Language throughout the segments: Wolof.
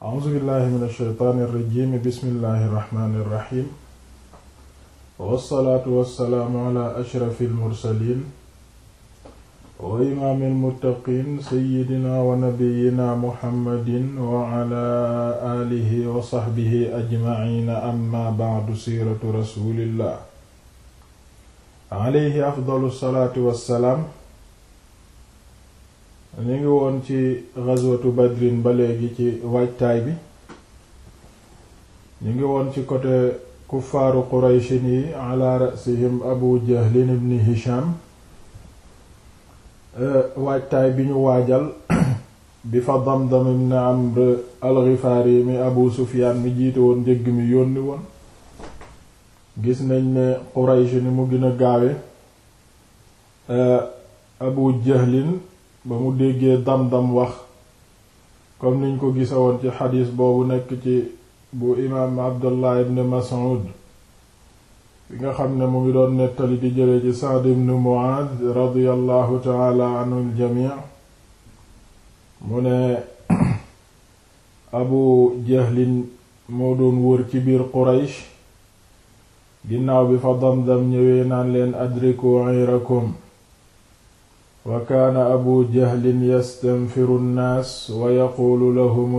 a'uuzu billahi min alsheytaani irrajimi bismillahi irrahmani irrahim wassalaatu wassalaamu ala ashrafi almursalin wa imaami almuttaqin seyidina wa nabiyina muhammadin wa ala aalihi wa saxbihi ajmaciina amma bacdu siiratu rasulillah alayhi afdalu salaatu wassalaam ñu ngi woon ci ghazwatu badrin ba léegi ci waajtaay bi ñu ngi woon ci côté kuffaaru qurayshin yi ala rasihim abu jahlin ibn hisham waajtaay bi ñu waajal bi fa damdam ibn amr al-ghifari mi abu sufyan mi jiite woon njëgg mi yónni woon gis nañ ne quraysh ni mu gën gaawe abu jahlin ba mu déggee dam wax comme niñ ko gisa ci xadiis boobu nekk ci bu imaam abdullah ibn mas'ud bi nga xam ne mu ngi doon nettali di jële ci sa'd ibn mu'adh radiyallahu ta'ala anil jami' mu ne abu jahlin moo doon wër ci biir quraysh ginnaaw bi fa damdam ñëwee naan leen adriku ayrakum wa kaana abu jahlin yastanfiru nnaas wa yaquulu lahum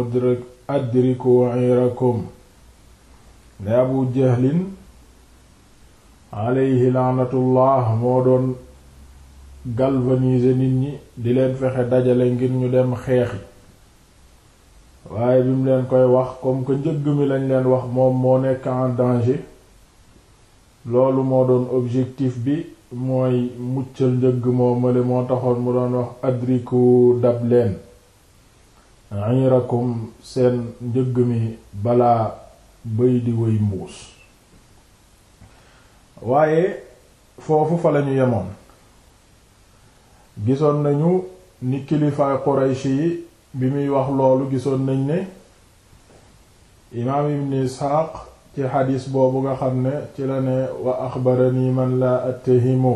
adriku waciirakum ne abu jahlin aleyhi laanatullah moo doon galvaniser nit ñi di leen fexe dajale ngir ñu dem xeexi waaye bi leen koy wax comme que njëgg mi lañ leen wax moom moo nekk en danger loolu moo doon objectif bi mooy muccal njëgg moomale moo taxoon mu doon wax adriku dab leen ayrakum seen njëgg mi balaa bëy di wëy mbuus waaye foofu fa lañu yemoon gisoon nañu ni kilifaay Qurayshi bi muy wax loolu gisoon nañ ne imaam Ibn Isxaaq ci xadiis boobu nga xam ne ci la ne wa axbarani man laa attahimu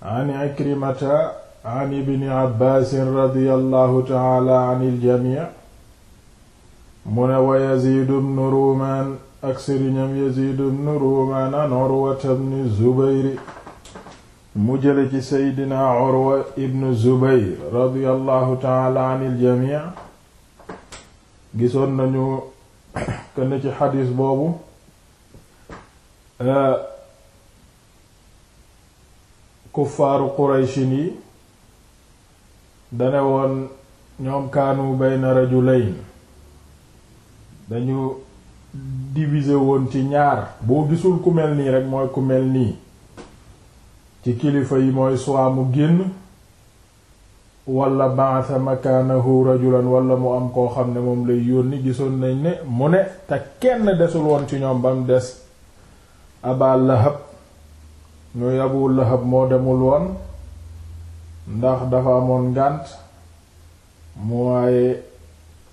an ikrimata an ibni abbaasin radiyallahu taala an iljami mu ne wa yaziidu bnu ruumaan ak sëriñam yaziidu bnu an urwata bni zubayri mu jële ci seydina urwa taala an iljami gisoon nañu kenn ci xadis boobu euh, kuffaaru qurayshin yi dane woon ñoom kaanu bayna rajulayn dañu divisé woon ci ñaar boo gisul ku mel nii rek mooy ku mel nii ci kilifa yi mooy soit mu génn wala ba'atha makaanahu rajulan wala mu am koo xam ne moom lay yónni gisoon nañ ne mu ne te kenn desul woon ci ñoom ba mu des Aba Lahab ñuy Abu Lahab moo demul woon ndax dafa amoon ngànt mu waaye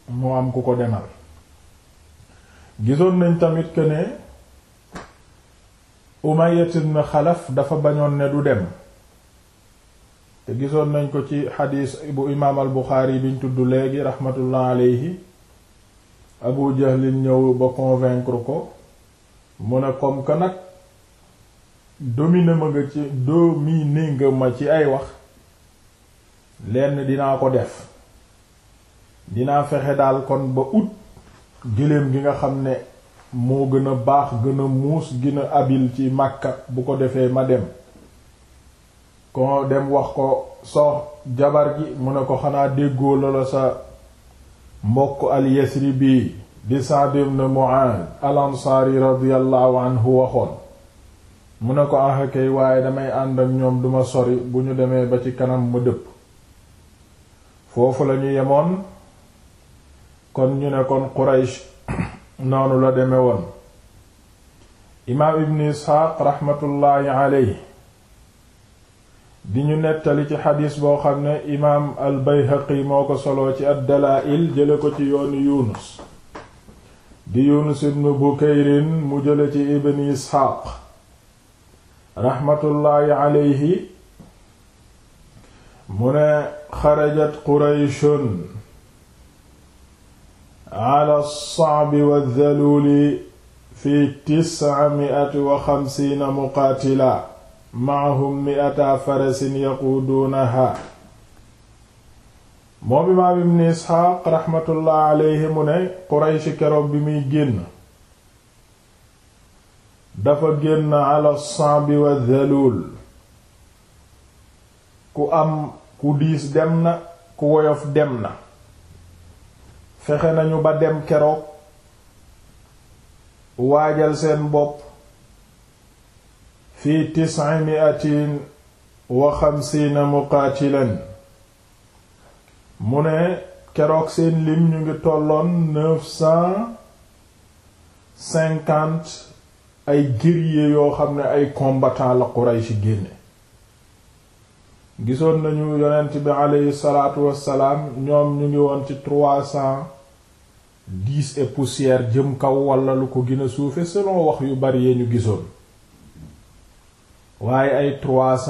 mu am ku ko demal gisoon nañ tamit que ne Umayya ibn Xalaf dafa bañoon ne du dem te gisoon nañ ko ci xadiis bu imaam al Buxaari biñ tudd léegi raxmatullah aleyhi Abu Jahlin ñëw ba convaincre ko mu ne comme que nag domine ma nga ci domine nga ma ci ay wax lenn dinaa ko def dinaa fexe daal kon ba ut gëléem gi nga xam ne moo gën a baax gën a muus gën a abil ci Makka bu ko defee ma dem ko dem wax ko soo jabar ji mu ne ko xanaa déggoo loola sa mbokk al-Yasribi di Sa'd ibn Mu'adh al-Ansari radiyallahu waxoon mu ne ko ah kay waaye damay ànd ñoom duma sori bu ñu demee ba ci kanam mu dëpp foofu lañu yemoon kon ñu ne kon Quraysh noonu la deme woon imaam ibn Isxaaq raxmatullaahi alayhi di ñu nettali ci xadiis boo xam ne imaam al bayhaqi moo ko soloo ci ad dalaa'il jële ko ci yoonu yunus di yunus ibnu bukayrin mu jële ci ibn isxaaq raxmatullaahi aleyhi mu ne xarajat qurayshun ala saabi wa dhaluuli fi tis'a mi'ati wa xamsiina maahum mi'ata farasin yaquuduunaha moom imaam ibn isxaaq raxmatullah aleyhi mu ne quraysh keroog bi muy génn dafa génn ala saabi wa dhaluul ku am ku diis dem na ku woyof dem na fexe nañu ba dem keroog waajal seen bopp fi tis'i mi'atin wa xamsiina muqaatilan mu ne keroog seen lim ñu ngi tolloon neuf cent ay guerriers yoo xam ne ay combattants la Quraysh génne gisoon nañu yonent bi aleyhi salaatu wassalaam ñoom ñu ngi woon ci trois cent dix et poussière jëm kaw wala lu ko gën suufe selon wax yu bari yee ñu gisoon waaye ay trois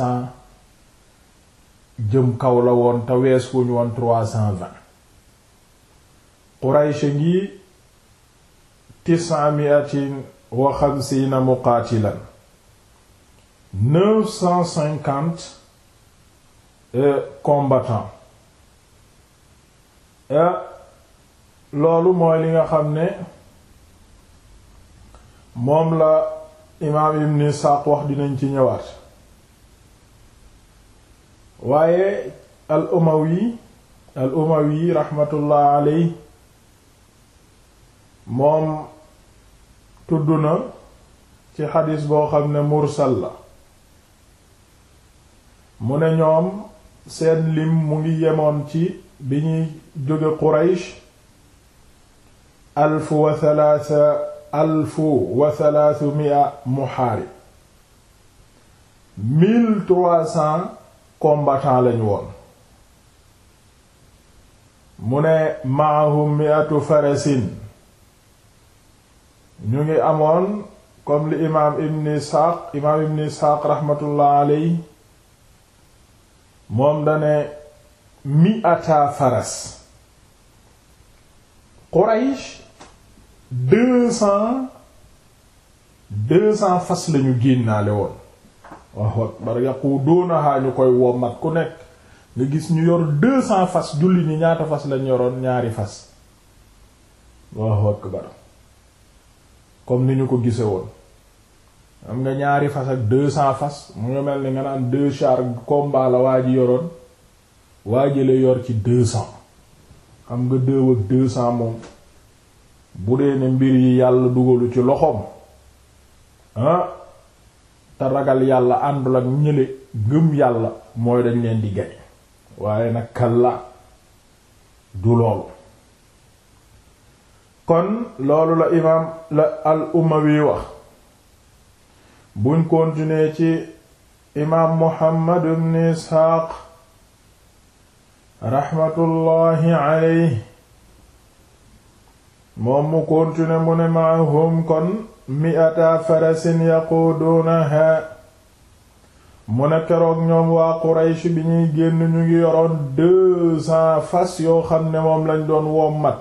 jëm kaw la woon te wees wuñu woon trois cent vingt Quraysh ngi tisa miatin wa xamsiina muqaatilan neuf cent cinquante euh, combattants euh, loolu mooy li nga xam ne moom la imaam ibn Isaaq wax dinañ ci ñëwaat waaye al umawi al umawi moom tudd na ci xadis boo xam ne mursal la mu ne ñoom seen lim mu ngi yemoon ci bi ñuy jóge Quraysh alf wa alfu wa thalaath mia muhaarib mille trois lañu woon mu ne maahum miatu farasin ñu ngi amoon comme li imaam ibn isxaaq imaam ibn isxaaq raxmatullah aley moom dane miata faras quraysh deux cent fas lañu ñu génnaale woon waaw waaw bar yàqu doonahaa ñu koy wommat ku nekk nga gis ñu yor deux fas julli ñi ñaata fas lañ yoroon ñaari fas waaw akbar comme ni ñu ko gise woon am nga ñaari fas ak deux fas mu nga mel ni nga naan deux chars combat la waa ji yoroon waa ji yor ci deux cent nga deux ak deux moom bu dee ne mbir yi yàlla dugalu ci loxoom ah, te ragal yàlla àndul ak ñële ngëm yàlla mooy dañ leen di gañ waaye nag kalla du loolu kon loolu la imaam la al umawi wax buñ continuer ci imaam muhammad ibn isxaaq raxmatullaahi aleyhi moom mu kontine mu ne maahum kon miata farasin yaquuduunaha mu ne keroog ñoom waa Quraysh bi ñuy génn ñu ngi yoroon deux cents fas yoo xam ne moom lañ doon wommat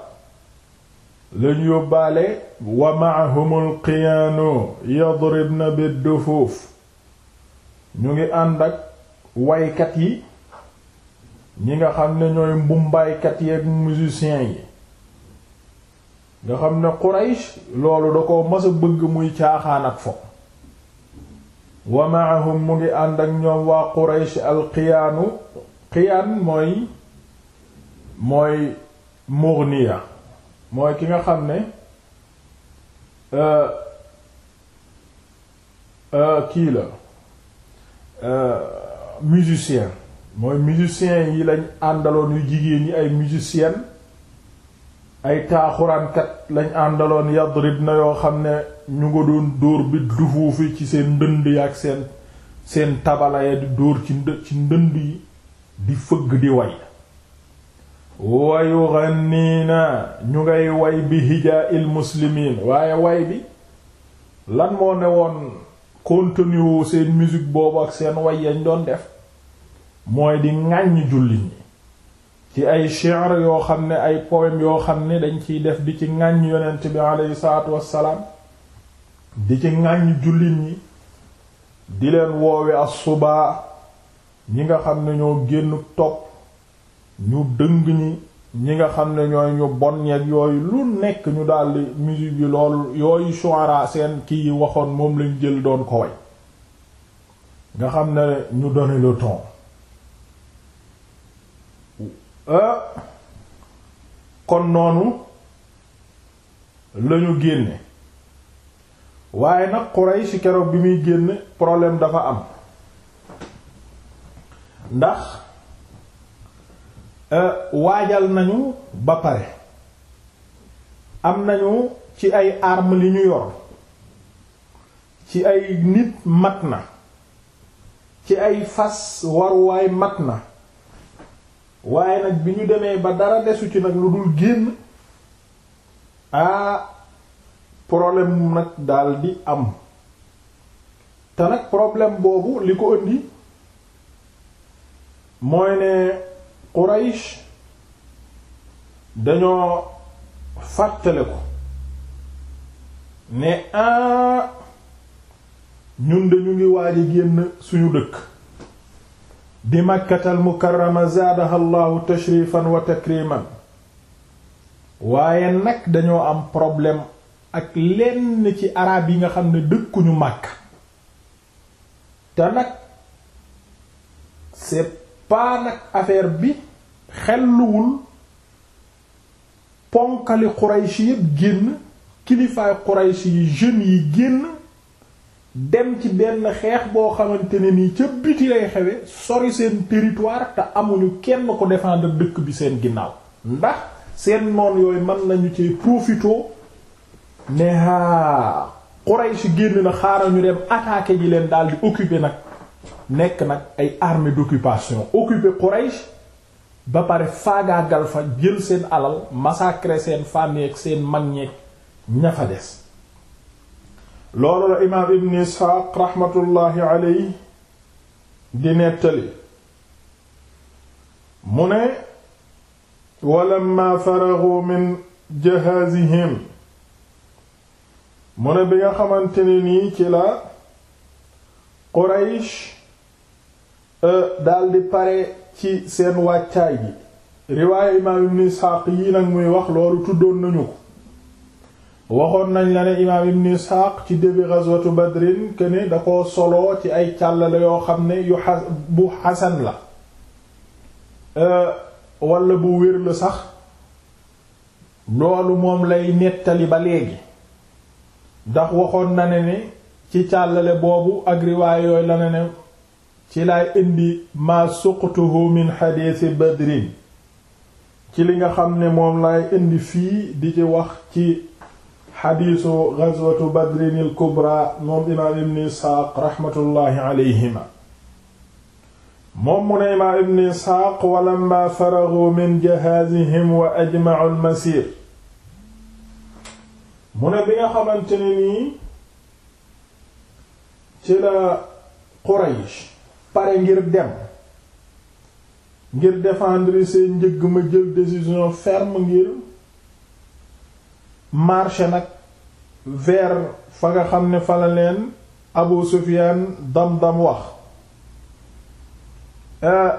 lañu yóbbaale wa maahumul qiyaanu yadribna biddufuuf ñu ngi ànd ak waykat yi ñi nga xam ne ñooy mbumbaaykat yi ak musiciens yi nga xam ne Quraysh loolu da ko mës bëgg muy caaxaan ak fo wa mu ngi ànd ak ñoom waa Quraysh alqiyaanu qiyaan mooy mooy mughniya mooy ki nga xam ne euh, euh, kii la euh, musicien mooy musicien yi lañ àndaloon yu jigéen ñi ay musicien ay taaxuraankat lañ àndaloon yadrib na yoo xam ne ñu nga doon dóor bi dufuufi ci seen ndënd yi ak seen seen tabala ya di ci ndë ci ndënd yi di fëgg di way wayu ñu ngay way bi hijaa il muslimiin waaye way bi lan moo ne woon contenu seen musique boobu ak seen way yañ doon def mooy di ŋàññ jullit ñi ci ay shi'r yoo xam ne ay poème yoo xam ne dañ ciy def bi ci ŋàññ yonent bi aleyhi salaatu wassalaam di ci ŋàññ jullit ñi di leen woowe as-subaa ñi nga xam ne ñoo génn topp ñu dëng ñi ñi nga xam ne ñooy ñu bon ñeeg yooyu lu nekk ñu daldi musique yi loolu yooyu shu'ara seen kii yi waxoon moom lañ jël doon ko nga xam ne ñu donne le ton Euh, kon noonu lañu génne waaye nag Quraysh keroog bi muy génn problème dafa am ndax euh, waajal nañu ba pare am nañu ci ay armes li ñu yor ci ay nit mat na ci ay fas waruwaay mat na waaye nag bi ñu demee ba dara desu ci nag lu dul génn ah problème nag daal di am te nag problème boobu li ko indi mooy ne Quraysh dañoo fàttale ko ne ah ñun de ñu ngi waaj a génn suñu dëkk di makkatal mukarrama zaadaha llahu tashrifan wa takriman waaye nag dañoo am problème ak lenn ci arab yi nga xam ne dëkkuñu màkk te nag c'est pas nag affaire bi xelluwul ponkali xurayshi yépp génn kilifaay xurayshi yi jeunes yi génn dem ci benn xeex boo xamante ne nii ca biti lay xewe sori seen territoire te amuñu kenn ko defande dëkk bi seen ginnaaw ndax seen noon yooyu mën nañu ci profitoo ne haa génn na xaaral ñu dem attaquer ji leen daal di occuper nag nekk nag ay armée d'occupation occuper Quraysh ba pare faagaagal fa jël seen alal massacrer seen famille ak seen mag ñeeg ña fa des loolu la imaam ibn isxaaq raxmatullaahi aley di nettali mu ne walamma faragu min jahaazihim mu ne bi nga xamante ni nii ci la quraysh e, daldi pare ci seen wàccaay gi riwaaya imaam ibn isxaaq yi nag muy wax loolu tuddoon nañu waxoon nañ la ne imaam ibn Isxaaq ci début ghazwatu Badrin que ne da ko soloo ci ay càllale yoo xam ne yu a bu xasan la euh, wala bu wér la sax loolu moom lay nettali ba léegi ndax waxoon na ne ne ci càllale boobu ak riwaay yooyu la ne ne ci lay indi ma suqtuhu min xadiisi Badrin ci li nga xam ne moom lay indi fii di ci wax ci xadiisu gazwatu badrin il kubra moom imaam ibn isxaaq raxmatullahi alayhima moom mu ne imaam ibn isxaaq walamma faragu min jahaazihim wa ajmacu almasir mu ne bi nga xamante nii ci la Quraysh pare ngir dem ngir défendre seen njëgg ma jël décision ferme ngir marché nag vers fa nga xam ne fa la leen Abu Sufyan dam-dam wax euh,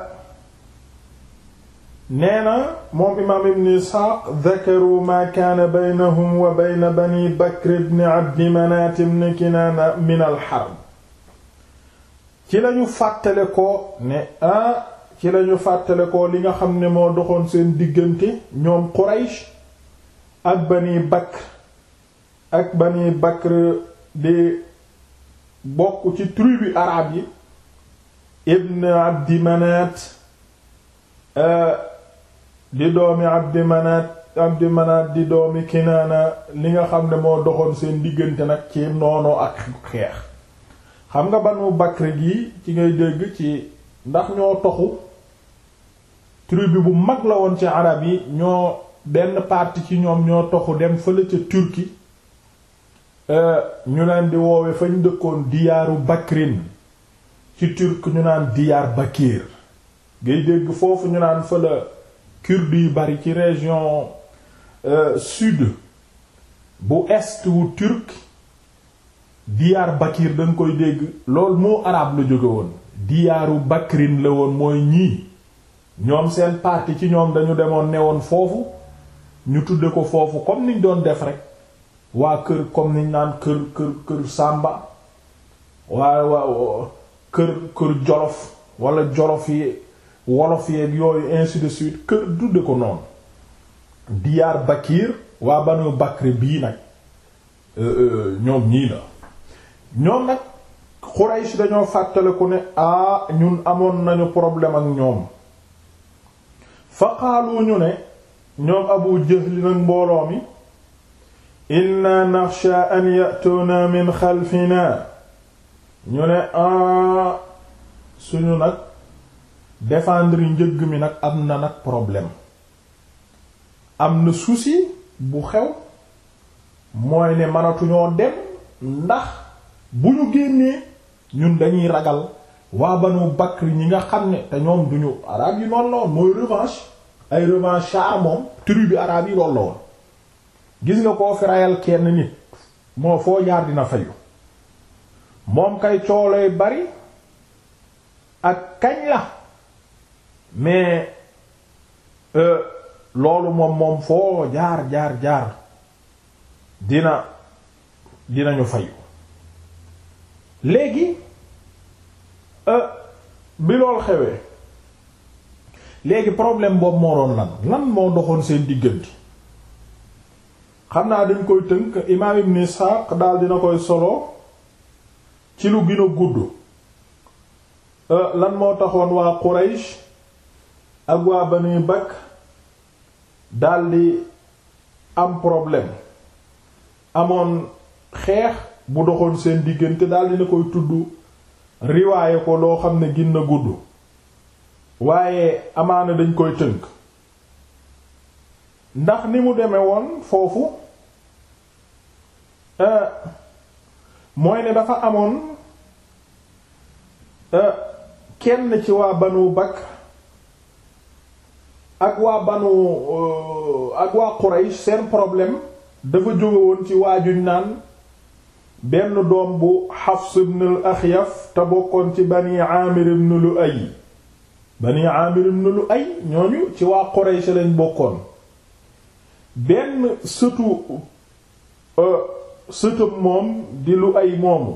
nee na moom imaam ibn Isxaaq dakaru maa kaana baynahum wa bayna bani Bakr ibn Abdi Manaat ibn Kinaana min al ci lañu fàttale ko ne ah ci lañu fàttale ko li nga xam ne moo doxoon seen diggante ñoom Quraysh ak bani Bakr ak bani Bakr di bokk ci tribu arab yi ibn Abdi Manaat euh, di doomi Abdi Manaat Abdi Manaat di doomi Kinaana li nga xam ne moo doxoon seen diggante nag ci noonoo ak xeex xam nga banu Bakr gi ci ngay dégg ci ndax ñoo toxu tribu bu mag la woon ci arab yi ñoo benn parti ci ñoom ñoo toxu dem fële ca Turquie euh, ñu leen di woowe fañ dëkkoon diyaaru Bakrin ci turk ñu naan diyaar Bakir ngay dégg foofu ñu naan fële kurd yu bari ci région euh, sud bu est wu turc diyaar Bakir dañ koy dégg lool moo arab la jóge woon diyaaru Bakrin la woon mooy ñii ñoom seen parti ci ñoom dañu demoon newoon foofu ñu tudde ko foofu comme niñ doon def rek waa kër comme niñ naan kër kër kër Samba waa waa kër kër Jolof wala Jolof yi Wolof yeeg yooyu ainsi de suite kër tudde ko noonu Diyaar Bakir waa Banu Bakri bii nag euh, euh, ñoom ñii la ñoom nag Quraysh dañoo fàttaliku ne ah ñun amoon nañu problème ak ñoom fa qaalu ñu ne ñoom abu jëxli nag mbooloo mi inna naxsha an yatuuna min xalfina ñu ne a ah, suñu nag défendre njëgg mi nag am na nag problème am na suusi bu xew mooy ne mënatuñoo dem ndax bu ñu génnee ñun dañuy ragal waa banu bakri ñi nga xam ne te ñoom duñu arab yi noonu la mooy revanche ay revanchard moom bi arabe yi loolu la woon gis nga koo fi rayal kenn nit moo foo jaar dina fayu moom kay coolooy bari ak kañ la mais euh, loolu moom moom foo jaar jaar jaar dina dinañu fayu léegi euh, bi lool xewee léegi problème boobu moo doon lan lan moo doxoon seen diggante xam naa dañ koy tënk imaam ibn Isxaaq daal dina koy solo ci lu gën gudd euh, lan moo taxoon waa Quraysh ak waa Bani Bakr daldi am problème amoon xeex bu doxoon seen diggante daal dina koy tudd riwaaye ko loo xam ne gën a gudd waaye amaana dañ koy tënk ndax ni mu deme woon foofu euh, mooy ne dafa amoon euh, kenn ci waa banu Bakr ak waa banu euh, ak waa Quraysh seen problème dafa jóge woon ci waajuñ naan benn doom bu Hafs ibn al te bokkoon ci bani Amir ibn Lu'ay bani Aamir ibn Lu'ay ñooñu ci waa Quraysh lañ bokkoon benn sëtu euh, sëtëb moom di ay moomu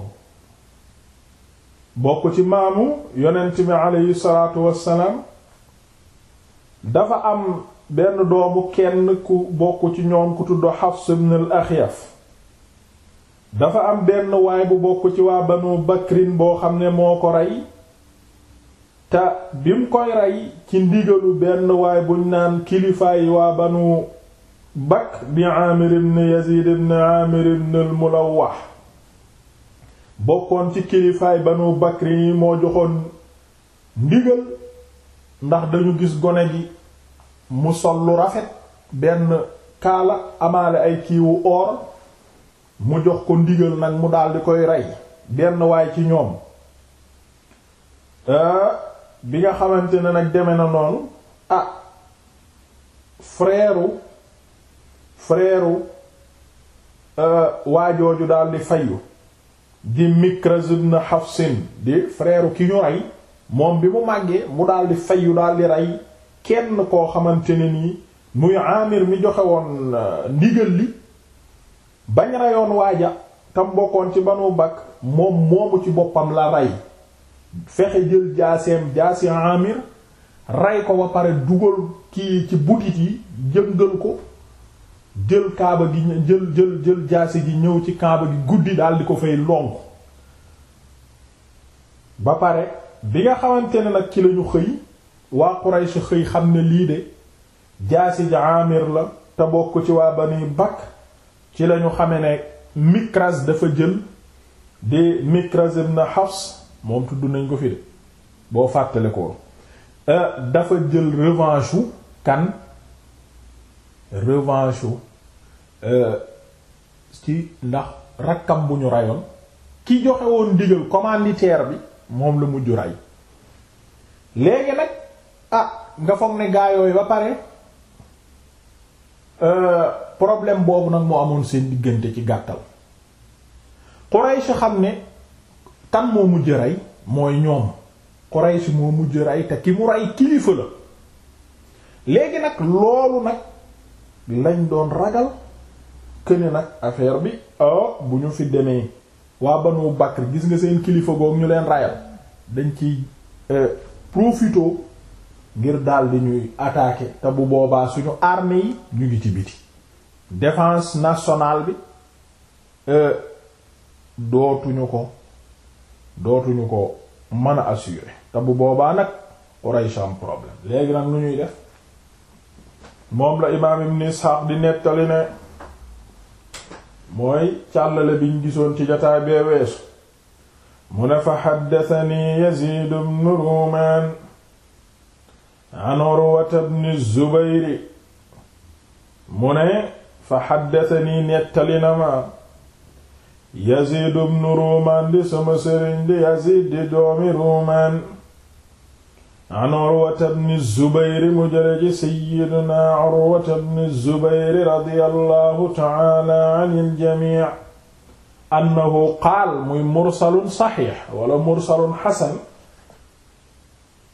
bokk ci maamu yonent bi aleyhi salaatu wassalaam dafa am benn doomu kenn ku bokk ci ñoom ku tudd Hafs ibn al dafa am benn waay bu bokk ci waa Banu Bakrin boo xam ne moo ko rey te bi mu koy rey ci ndigalu benn waay buñ naan kilifaayi waa banu Bakr di Aamir ibn Yazid ibn Aamir ibn al-Mulawwah bokkoon ci kilifaay banu Bakr yi moo joxoon ndigal ndax dañu gis gone gi mu sol lu rafet benn kaala amaale ay kiiwu oor mu jox ko ndigal nag mu daldi koy rey benn waay ci ñoom euh, bi nga xamante ne nag deme na noonu ah frère frère euh, waajooju daal di fayu di Mikraz ibn Hafsin di frère ki ñu rey moom bi mu màggee mu daal di fayu daal rey kenn koo xamante ne nii muy Amir mi joxewoon woon euh, ndigal li bañ reyoon waaja tam bokkoon ci Banu Bakk moom moomu ci boppam la rey fexe jël jaaseem jaasi amir rey ko ba pare dugal kii ci butit yi jëngal ko jël kaaba gi jël jël jël jaasi gi ñëw ci kaaba gi guddi daal di ko fay lonk ba pare bi nga xamante ne nag ci lañu xëy waa Quraysh xëy xam ne lii de jaasi ji amir la te bokk ci waa Bani Bakk ci lañu xame ne Mikraz dafa jël di Mikraz ibn Hafs moom tudd nañ ko fi de boo fàttale ko euh, dafa jël revanche kan revanche u euh, ci ndax rakkam bu ñu rayoon ki joxe woon ndigal commanditaire bi moom la mujj ray léegi nag ah nga foog ne gaa yooyu ba pare euh, problème boobu nag moo amoon seen diggante ci gàttal Quraysh xam ne kan moo mujj rey mooy ñoom Quraysh moo mujj rey te ki mu rey kilifa la léegi nag loolu nag lañ doon ragal këne nag affaire bi ah bu ñu fi demee waa Banu Bakr gis nga seen kilifa goog ñu leen rayal dañ ci e, profité ngir daldi di ñuy attaqué te bu boobaa suñu armée yi ñu ngi ci biti défense nationale bi e, dootuñu ko dootuñu ko mën a assurer bu boobaa nag Quraysh am problème léegi nag nu ñuy def moom la imaam ibn Ishaq di nettali ne mooy càllale biñ gisoon ci jotaay bee weesu mu ne fa xaddatani Yazid ibn Rumaan an Urwata ibn Zubayr mu ne fa xaddatani nettali na ma Yazid ibn Ruumaan di sama sëriñ di Yazid di doomi Ruumaan an Urwata ibn Zubayr mu jële ci sayyidina Urwata ibn Zubayr radiyallahu ta'ala anil jamii' annahu qaal muy mursalun saxiix wala mursalun xasan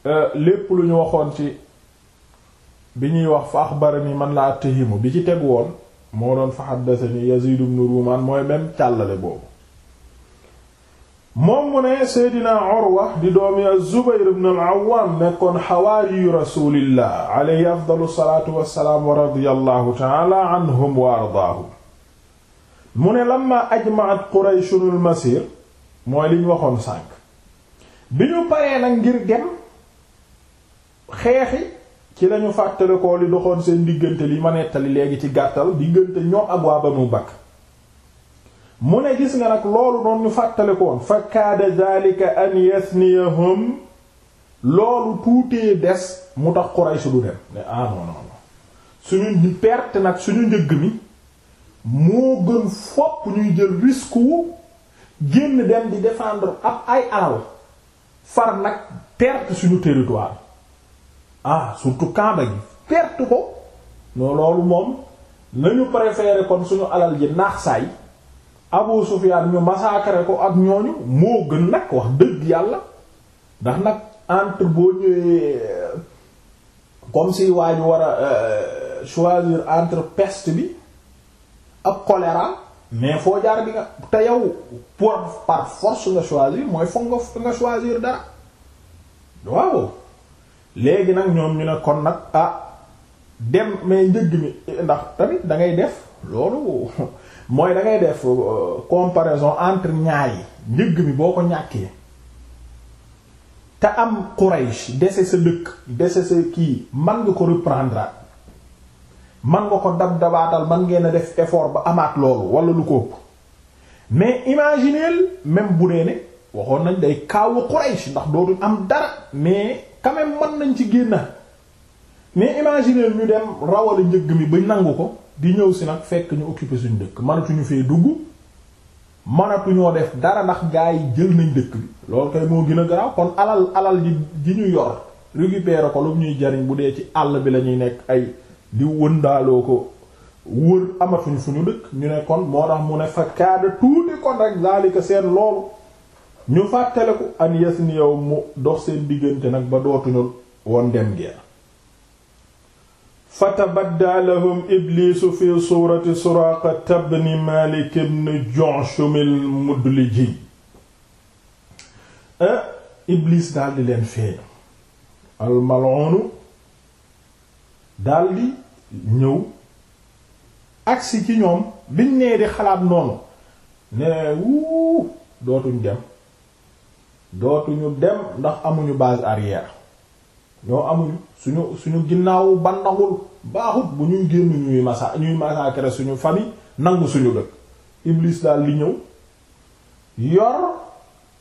eh, lépp lu ñu waxoon ci bi ñuy wax fa axbarani man la attahimu bi ci teg woon moo doon fa xaddatani Yazid ibn Ruman mooy même càllale boobu moom mu ne Seydina Urwa di doomi az-Zubayr ibn al-Awwam nekkoon xawaariyu rasulillah alayhi afdalu salaatu radiyallahu ta'ala anhum wa ardaahum mu ne lamma ajma'at Qurayshun al-masir mooy liñ waxoon sànq bi ñu paree nag ngir dem xeexi ci lañu fàttalikoo li doxoon seen diggante li ma nettali léegi ci gàttal diggante ñoom ak waa mu Bakr mu ne gis nga nag loolu noonu ñu fàttalikoon fa kaada daalika an yasniyahum loolu tuutee des mu tax Quraysh du dem ne ah suñu perte nag suñu njëgg mi moo gën fopp ñuy jël risque wu génn dem di défendre ab ay alal far nag perte suñu territoire ah surtout Kaaba gi perte ko non loolu moom nañu préférer kon suñu alal ji naax saay Abu Sufyan ñu massacrer ko ak ñooñu moo gën nag wax dëgg yàlla ndax nag entre boo ñëwee euh, comme si waa war a euh, choisir entre peste bi ak choléra mais foo jaar nga yow pour par mooy foog nga choisir dara waaw. léegi nag ñoom ñu ne kon nag ah dem mais njëgg mi ndax tamit da ngay def loolu mooy da def euh, comparaison entre ñaar yi njëgg mi boo ko ñàkkee te am Quraysh dese sa dëkk dese sa kii man nga ko reprendre man nga ko dab dabaatal man ngeen a def effort ba amaat loolu wala lu ko ëpp mais imaginez même bu dee ne waxoon nañ day kaawu Quraysh ndax dootul am dara mais. quand même mën nañ ci génn mais imaginer ñu dem rawale njëgg mi ba nangu ko di ñëw si nag fekk ñu occuper suñu dëkk mënatuñu fee dugg manatuñoo def dara ndax gaa yi jël nañ dëkk bi loolu kay moo gën a garaaw kon alal alal ji ji ñu yor récupérer ko lu ñuy jariñ bu dee ci àll bi la ñuy nekk ay di wëndaaloo ko wër amatuñ fu ñu dëkk ñu ne kon moo tax mu ne fa kaada tuuti kon rek zalika seen loolu ñu fàttaleku an yes ni yow mu dox seen diggante nag ba dootuñu woon dem geer fatabadda lahum iblisu fi surati suraqa tabni malik ibn jonshumil mudliji eh, iblis daldi leen feeñu almaloonu daldi ñëw agsi ci ñoom biñ nee di xalaat noonu ne wuu dootuñ dem dootuñu dem ndax amuñu baas arrière ñoo amuñu suñu suñu ginnaaw ba baaxut bu ñuy génn ñuy massa ñuy massacrer suñu famille nangu suñu dëkk Iblis daal li ñëw yor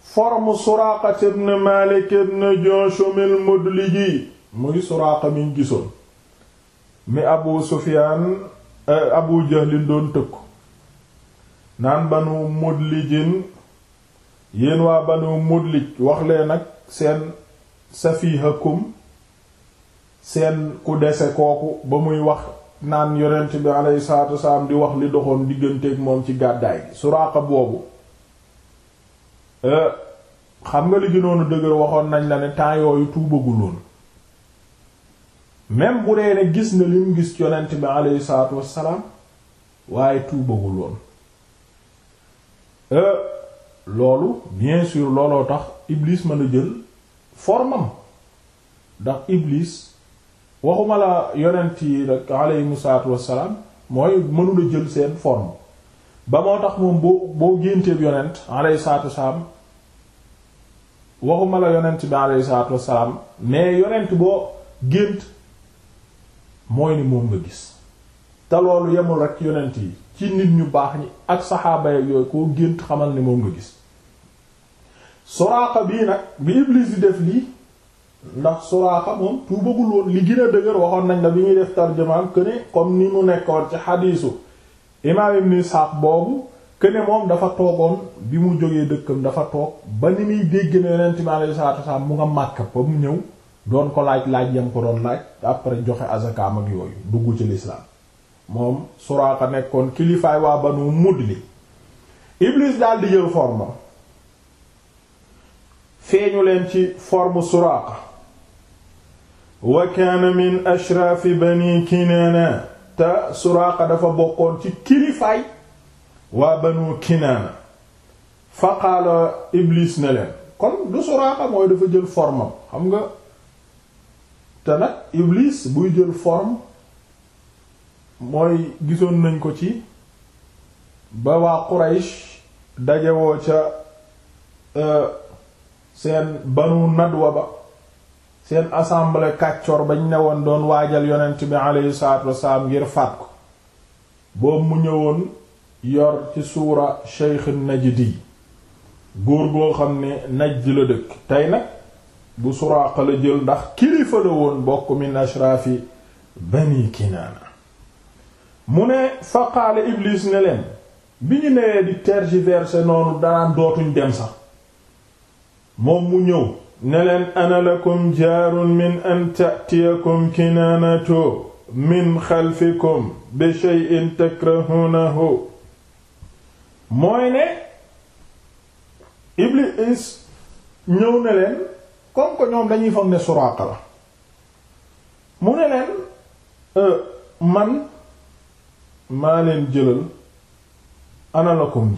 forme Suraaqa ibn Maalik ibn Jushum al-Mudliji muy Suraaqa mi ñu gisoon mi Abu Sufyaan eh, Abu Jahlin doon tëkku naan Banu Mudlijin yéen waa mut mudlij wax leen nag seen safihakum seen ku dese kooku ba muy wax naan yonent bi alayhi salaatu wasalaam di wax li doxoon digganteeg moom ci gàddaay gi suraaqa boobu euh, xam nga li gënoonu dëgër waxoon nañ la ne temps yooyu tuubaguloon même bu dee ne gis na lim gis yonent bi alayhi salaatu wasalaam waaye tuubaguloon euh, loolu bien sûr looloo tax iblis mën a jël formam ndax iblis waxuma la yonent yi rek aleyhimu salaatu wassalaam mooy mënula jël seen forme ba moo tax moom boo boo génteeb yonent aleyhi salaatu wassalaam waxuma la yonent bi aleyhi salaatu wassalaam mais yonent boo gént mooy ni moom nga gis te loolu yemul rek yonent yi ci nit ñu baax ñi ak saxaaba yooyu koo gént xamal ni moom nga gis Suraaqa bii nag bi Iblis di def lii ndax Suraaqa moom tuubagul woon li gën a dëgër waxoon nañ la bi ñuy def tarjumaam que ne ni mu nekkoon ci xadiisu imaam Ibn Isaaq boobu que moom dafa toogoon bi mu jógee dëkkam dafa toog ba ni muy dégg ne Yonent mu nga Makka ba mu ñëw doon ko laaj laaj yam ko doon laaj après joxe azakaam ak yooyu dugg ci lislaam moom Suraaqa nekkoon kilifaay waa Banu Mudli Iblis daal di jël formam feeñu leen ci forme suraaqa wa kaana bani kinaana te suraaqa dafa bokkoon ci kilifaay waa banu kinaana fa qaala ne leen kon du suraaqa mooy dafa jël formam xam nga te nag iblis buy jël form mooy gisoon nañ ko ci ba waa Quraysh dajewoo ca euh, seen banu nadwa ba seen assemblée kàccoor bañ ne woon doon waajal yonent bi aleyhi salaatu wasalaam ngir faat ko boobu mu ñëwoon yor ci suura Cheikh Najdi góor goo xam ne Najd la dëkk tey nag bu Suraaqa la jël ndax kilifa la woon bokk min ashraafi Bani Kinaana mu ne faqaale Iblis ne leen bi ñu newee di tergiverser noonu danaan dootuñ dem sax moom mu ñëw ne leen ana lakum jaarun min an ta'tiyakum kinaanatu min xalfikum bi shay'in takrahunahu mooy ne Iblis ñëw ne leen comme ñoom dañuy foog ne Suraaqa la mu ne euh, man maa leen jëlal ana lakum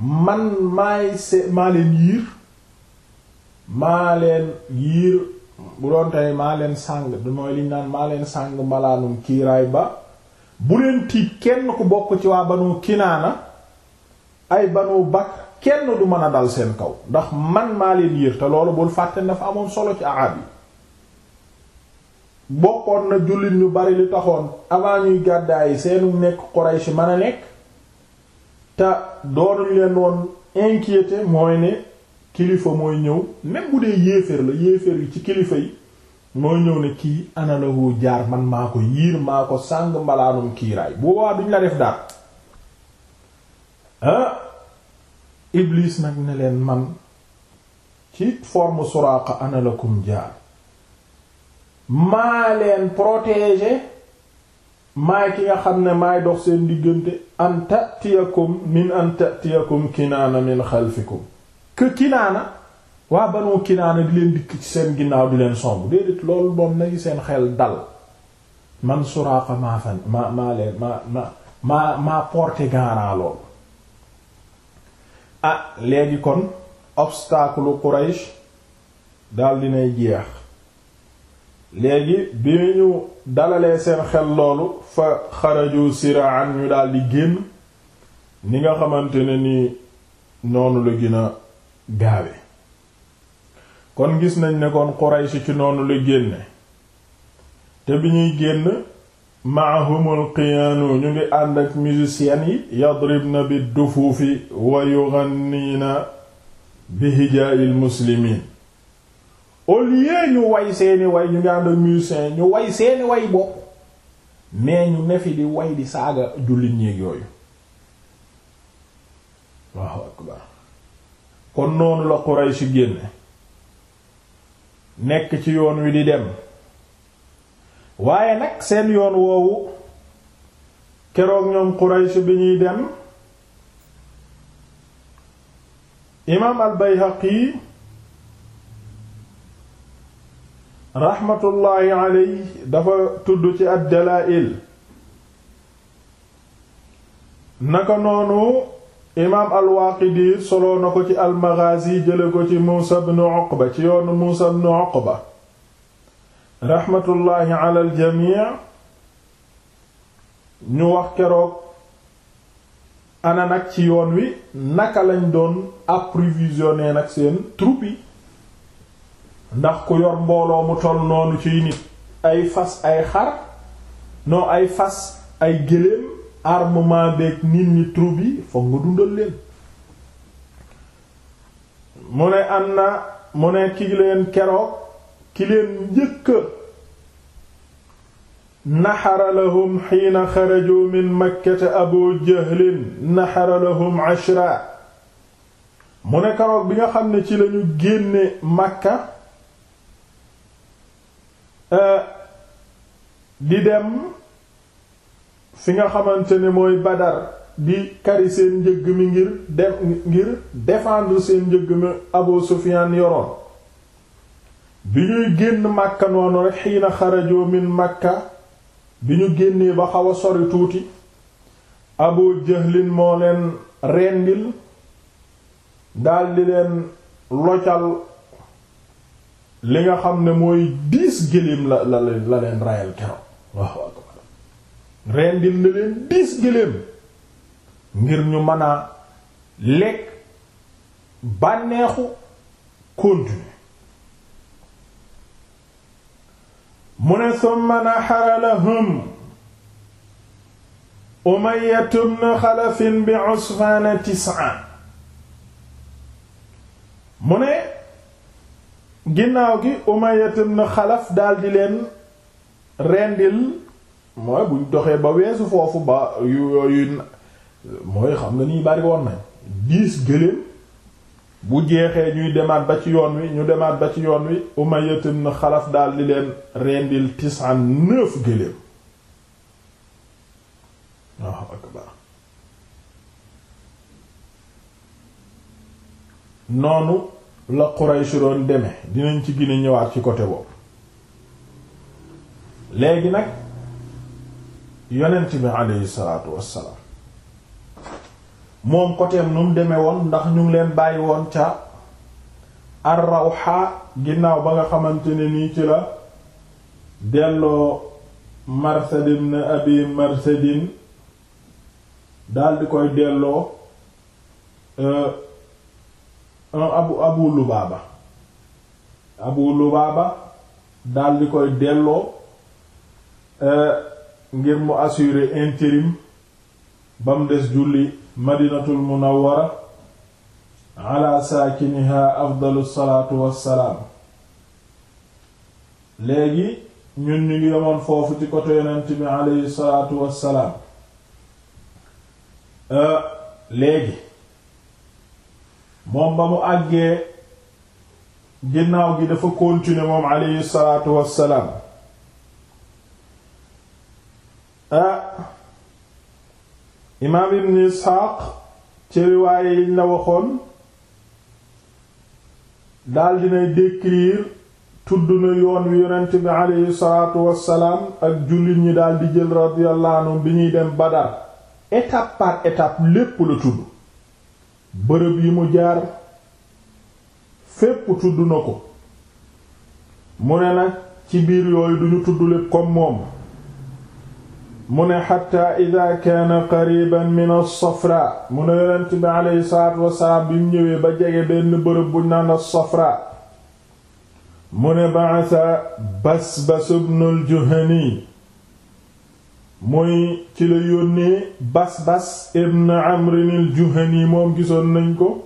man maay se maa leen yiir maa leen yiir bu doon tey maa leen sàng du mooy liñ naan maa leen sàng malaanum kiiraay ba bu leen tiit kenn ku bokk ci waa banu kinaana ay banu bak kenn du mën a dal seen kaw ndax man maa leen yiir te loolu bul fàtte ne dafa amoon solo ci arab yi bokkoon na jullit ñu bari li taxoon avant ñuy gàddaay seenu nekk Quraysh mën a nekk te doonuñ leen woon inquiété mooy ne kilifa mooy ñëw même bu dee yéeféer la yéeféer yi ci kilifa yi mooy ñëw ne kii analawoo jaar man maa ko yiir maa ko sàng mbalaanum kiiraay boobaa duñ la def daal ah Iblis nag ne leen man ci forme Suraaqa analakum jaar maa leen protéger maay ki nga xam ne maay dox seen diggante an tatiyakum min an tatiyakum kinaana min xalfikum que kinaana waa banu kinaana di leen dikk ci seen ginnaaw di leen somb déedéet loolu moom nañu seen xel dal man suraaqa maa fan maa maa leen maa maa maa maa gaanaa lool ah léegi kon obstacle Quraysh daal dinay jeex léegi bi ñu dalalee seen xel loolu fa xaraju siraan ñu daldi génn ni nga xamante ne ni noonu la gën gaawe kon gis nañ ne kon Quraysh ci noonu lu génne te bi ñuy génn maahumul qiyaanu ñu ngi ànd ak musiciens yi yadribna bi dufuufi wa yughannina bi hijaa'il muslimiin au lieu ñu way seeni way ñu ngi ànd ak musicien ñu way seeni way bokk mais ñu ne fi di way di saaga jullit ñéeg yooyu waaw akbar kon noonu la Quraysh génne nekk ci yoon wi di dem waaye nag seen yoon woowu keroog ñoom Quraysh bi ñuy dem imaam al-Bayhaqi raxmatullaahi aley dafa tudd ci ad-dalaa'il naka noonu imaam al-Waaqidi na ko ci al-Maghaazi jële ko ci Muusa ibn Uqba ci yoonu Muusa ibn Uqba raxmatullaahi ala al ñu wax keroog ana nag ci yoon wi naka lañ doon approvisionner nag seen troupe yi ndax ku yor mbooloo mu toll noonu ciy nit ay fas ay xar non ay fas ay gëléem armement beeg nit ñi troupe yi nga dundal leen mu ne am na mu ne ki leen keroog ki leen njëkk naxara lahum xiina xaraju min makkata abu jahlin naxara lahum ashra mu ne keroog bi nga xam ne ci lañu génne makka Euh, di dem fi nga xamante ne mooy Badar bi kari seen njëgg mi ngir def ngir défendre seen njëgg mi Abu Sufyan yoroon bi ñuy génn Makka noonu rek xiina xarajoo min Makka bi ñu génnee ba xaw sori tuuti Abu Jahlin moo leen rendil daldi leen local li nga xam ne mooy dix gëléem la la leen rayal keroog rendil na leen dix gëléem ngir ñu mën a lekk bànneexu continuer mu ne summa naxara lahum Umayya ibn Xalaf bi Usfaan tis'a mu ne ginnaaw gi Umayya ibn Xalaf daldi leen rendil mooy buñ doxee ba weesu foofu ba yu yooyu mooy xam nga ni bari woon nañ dix gëléem bu jeexee ñuy demaat ba ci yoon wi ñu demaat ba ci yoon wi Umayya ibn Xalaf daldi leen rendil tisaan neuf gëléem waaw akbar noonu la Quraysh doon deme dinañ ci gën a ñëwaat ci côté boobu léegi nag yonent bi aleyhi salaatu wassalaam moom côté nu mu demee woon ndax ñu ngi leen bàyyi woon ca Ar-Rawha ginnaaw ba nga xamante ne nii ci la delloo Marsad ibn Abi Marsadin daldi koy delloo. Euh, Euh, abu abu lubaaba abu lubaaba dal di koy delloo euh, ngir mu assurer intérim ba mu des julli madinatul munawwara ala saakiniha afdalu salaatu wassalaam léegi ñun ñu ngi yemoon foofu ci côté yonent bi alayhi salaatu wassalaam euh, léegi moom ba mu àggee ginnaaw gi dafa continuer moom aleyhi salaatu wassalaam ah imaam ibn isxaaq ci riwaaye yiñ la waxoon daal dinay décrire tudd na yoon wi yonent bi aleyhi ak jullit ñi daal di jël radiyallahu anhu bi ñuy dem Badar étape par étape lépp la tudd bërëb yi mu jaar fépp tudd na ko mu ne nag ci biir yooyu duñu tudd lépp comme moom mu ne xatta ida kaana qariban min as-safra mu ne yonent bi aleyhi salaatu wasalaam bi mu ñëwee ba jege benn bërëb bu naan as-safra mu ne ba'atha Basbas ibn al-Juhani mooy ci la yónnee Basbas ibn Amr al-Juhani moom gisoon nañ ko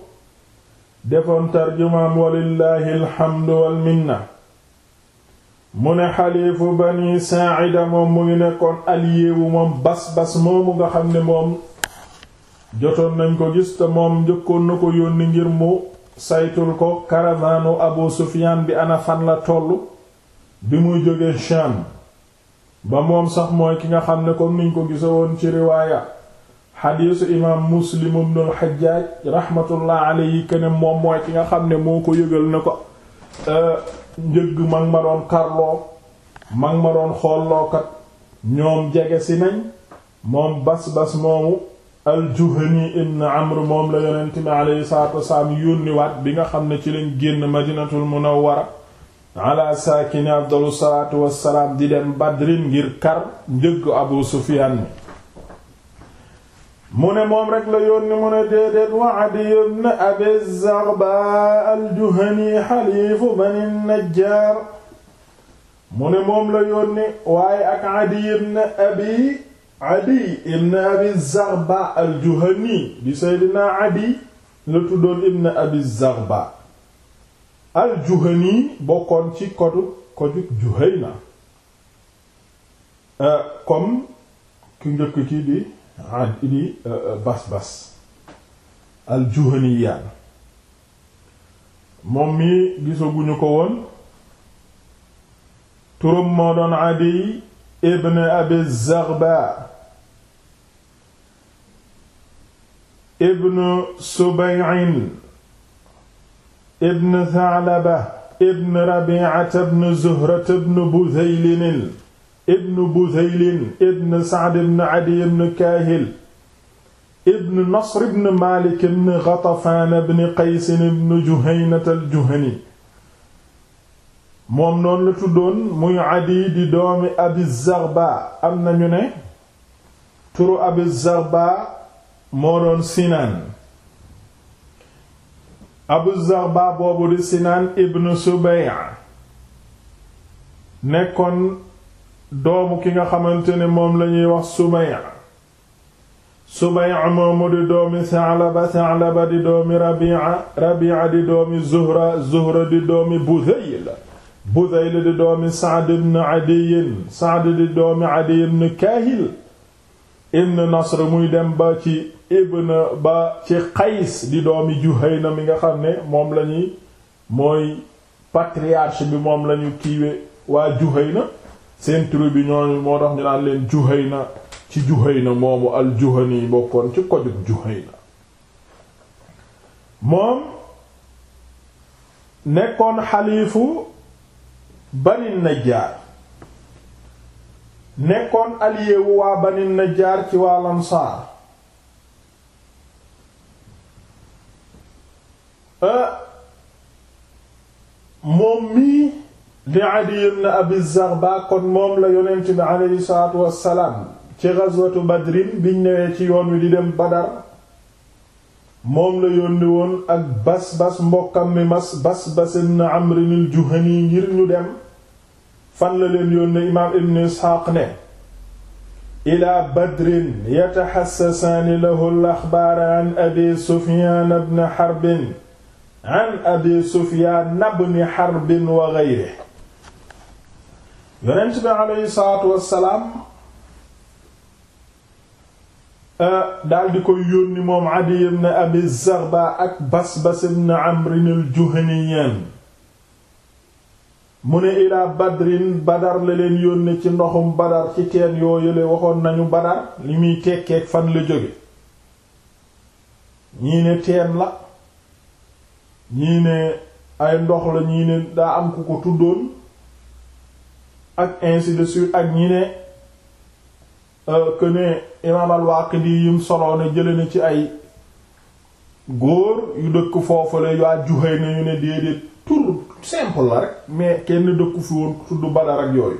defoon tarjumaam walillahi alhamdu walminna mu ne xaliifu bani Saa'ida moom mu ngi nekkoon aliyeewu moom Basbas moomu nga xam ne moom jotoon nañ ko gis te moom njëkkoon na ko yónni ngir mu saytul ko caravane Abu Sufyaan bi ana la tollu bi mu jóge chan ba moom sax mooy ki nga xam ne comme niñ ko gisa woon ci riwaaya xadiisu imaam muslim ibn al-Hajjaj rahmatullah alayhi kene moom mooy ki nga xam ne moo ko yëgal ne ko njëgg mag ma doon karloo mag ma doon xoollookat ñoom jege si nañ moom bas-bas moomu al-Juhani ibn moom la yeneen yonent mi alayhi salaatu wasalaam yónniwaat bi nga xam ne ci lañ génn madinatul munawwara ala saakini afdalu salaatu wassalaam di dem mu ne moom rek la yónni mu ne déedéet wa Adi ibn Abi Zarba xaliifu Bani Najjaar mu ne moom la yónni waaye ak Adi ibn Abi Adi ibn Abi Zarba di Seydina Adi la tuddoon ibn Abi al-Juhani bokkoon ci kodu kodu Juhayna euh, comme ki njëkk ki di ah di euh, euh, Bas Bas al-Juhaniyaan moom mi gisaguñu ko woon turam moo doon Adiy ibn Abi Zaghba ibn Subay'in ibn Tha'laba ibn Rabi'ata ibn Zuhrata ibn Budhaylin ibn Budhaylin ibn Sa'd ibn Adiy ibn Kaahil ibn Nasr ibn Maalik ibn Ghatafaan ibn Qays ibn Juhaynata al-Juhani moom noonu la tuddoon muy Adiy di doomi Abi Zarba am nañu ne turu Abi Zarba moo doon Sinaan abu boobu di sinaan ibn subay'a nekkoon doomu ki nga xamante ne moom lañuy wax subay'a subay'a moomu di doomi sa'laba sa'laba di doomi rabi'a rabi'a di doomi zuhra zuhra di doomi budayl budayl di doomi sa'd ibn adiy sa'd di doomi adiy ibn kaahil ibn Nasr muy dem ba ci ibn ba ci Qays di doomi Juhayna mi nga xam ne moom la mooy patriarche bi moom la ñu kiiwe waa na seen tribu bi ñooñu moo tax ñu naan leen Juhayna ci Juhayna moomu al Juhani bokkoon ci kojug Juhayna moom nekkoon xaliifu Bani Najjaar nekkoon allié wu waa Bani Najjaar ci waa Ansaar euh, moom mii di Adiy ibn Abi Zarba kon moom la yonent bi aleyhi salaatu wassalaam ci ghazwatu Badrin biñ newee ci yoon wi di dem Badar moom la yónni woon ak Basbas mbokkam mi Mas Basbas ibn Amr al-Juhani ngir ñu dem fan la leen yónnee imaam ibn isxaaq ne ilaa badrin yataxassasaani lahu alaxbaara an abi sufyaan ibn xarbin an abi sufyaan ibn xarbin wa geyre yonent bi aleyhi salaatu wassalaam eh, daal di koy yónni moom adi ibn abi zarba ak basbas ibn amrin al juhaniyaan mu ne ilaa badrin badar la leen yónne ci ndoxum badar ci teen yoo yële waxoon nañu badar li muy tekkeek fan la jóge ñii ne teen la ñii ne ay ndox la ñii ne daa am ku ko tuddoon ak ainsi de suite ak ñi ne euh, que ne imaam al-Waaqidi yim soloo jële na ci ay góor yu dëkk foofale yu Juhayna yu ne déedéet tur simple la rek mais kenn dëkku fi woon tudd Badar ak yooyu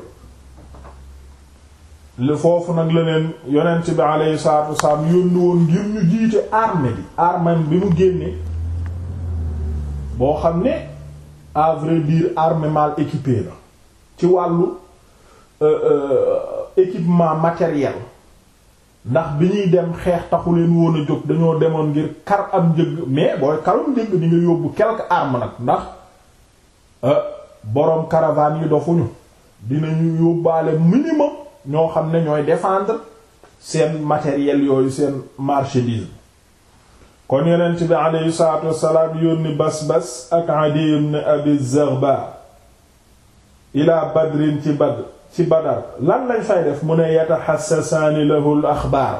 li foofu nag la leen yonent bi alayhi salaatu wasalaam yónni ngir ñu jiite armée bi armée bi mu génne boo xam ne à vrai dire armée la ci wàllu euh, euh, équipement matériel ndax bi ñuy dem xeex taxu leen woon a jóg dañoo demoon ngir kar am njëgg mais booy karum njëgg di nga yóbbu quelque arme nag ndax Euh, boroom caravane yi dofuñu dinañu yóbbaale minimum ñoo xam ne ñooy défendre seen matériel yooyu seen marchandise kon yonent bi aleyhi salaatu wassalaam yónni Basbas ak Adiy ibn Abi Zaghba ila Badrin ci Badr ci Badar lan lañ fay def mu ne yataxassasaani lahul axbaar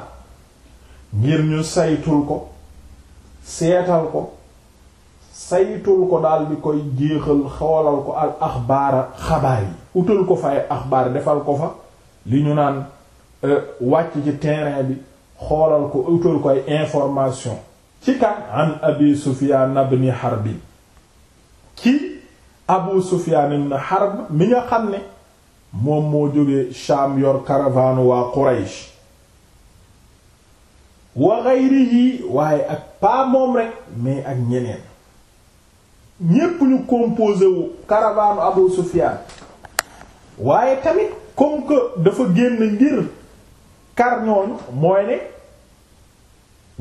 ngir ñu saytul ko seetal ko saytul ko daal bi koy jéexal xoolal ko al axbaara xabaar yi utal ko fa ay axbaar defal ko fa li ñu naan euh, wàcc ci terrain bi xoolal ko utal ko ay information ci kan an abi sufyan ibn harb ci abu sufyan ibn harb mi nga xam ne moom moo jógee Sham yor caravane waa Quraysh wa ghayrihi waaye ak pas moom rek mais ak ñeneen ñépp ñu composé wu caravane Abu Sufyan waaye tamit comme que dafa génn ngir kar ñooñu mooy ne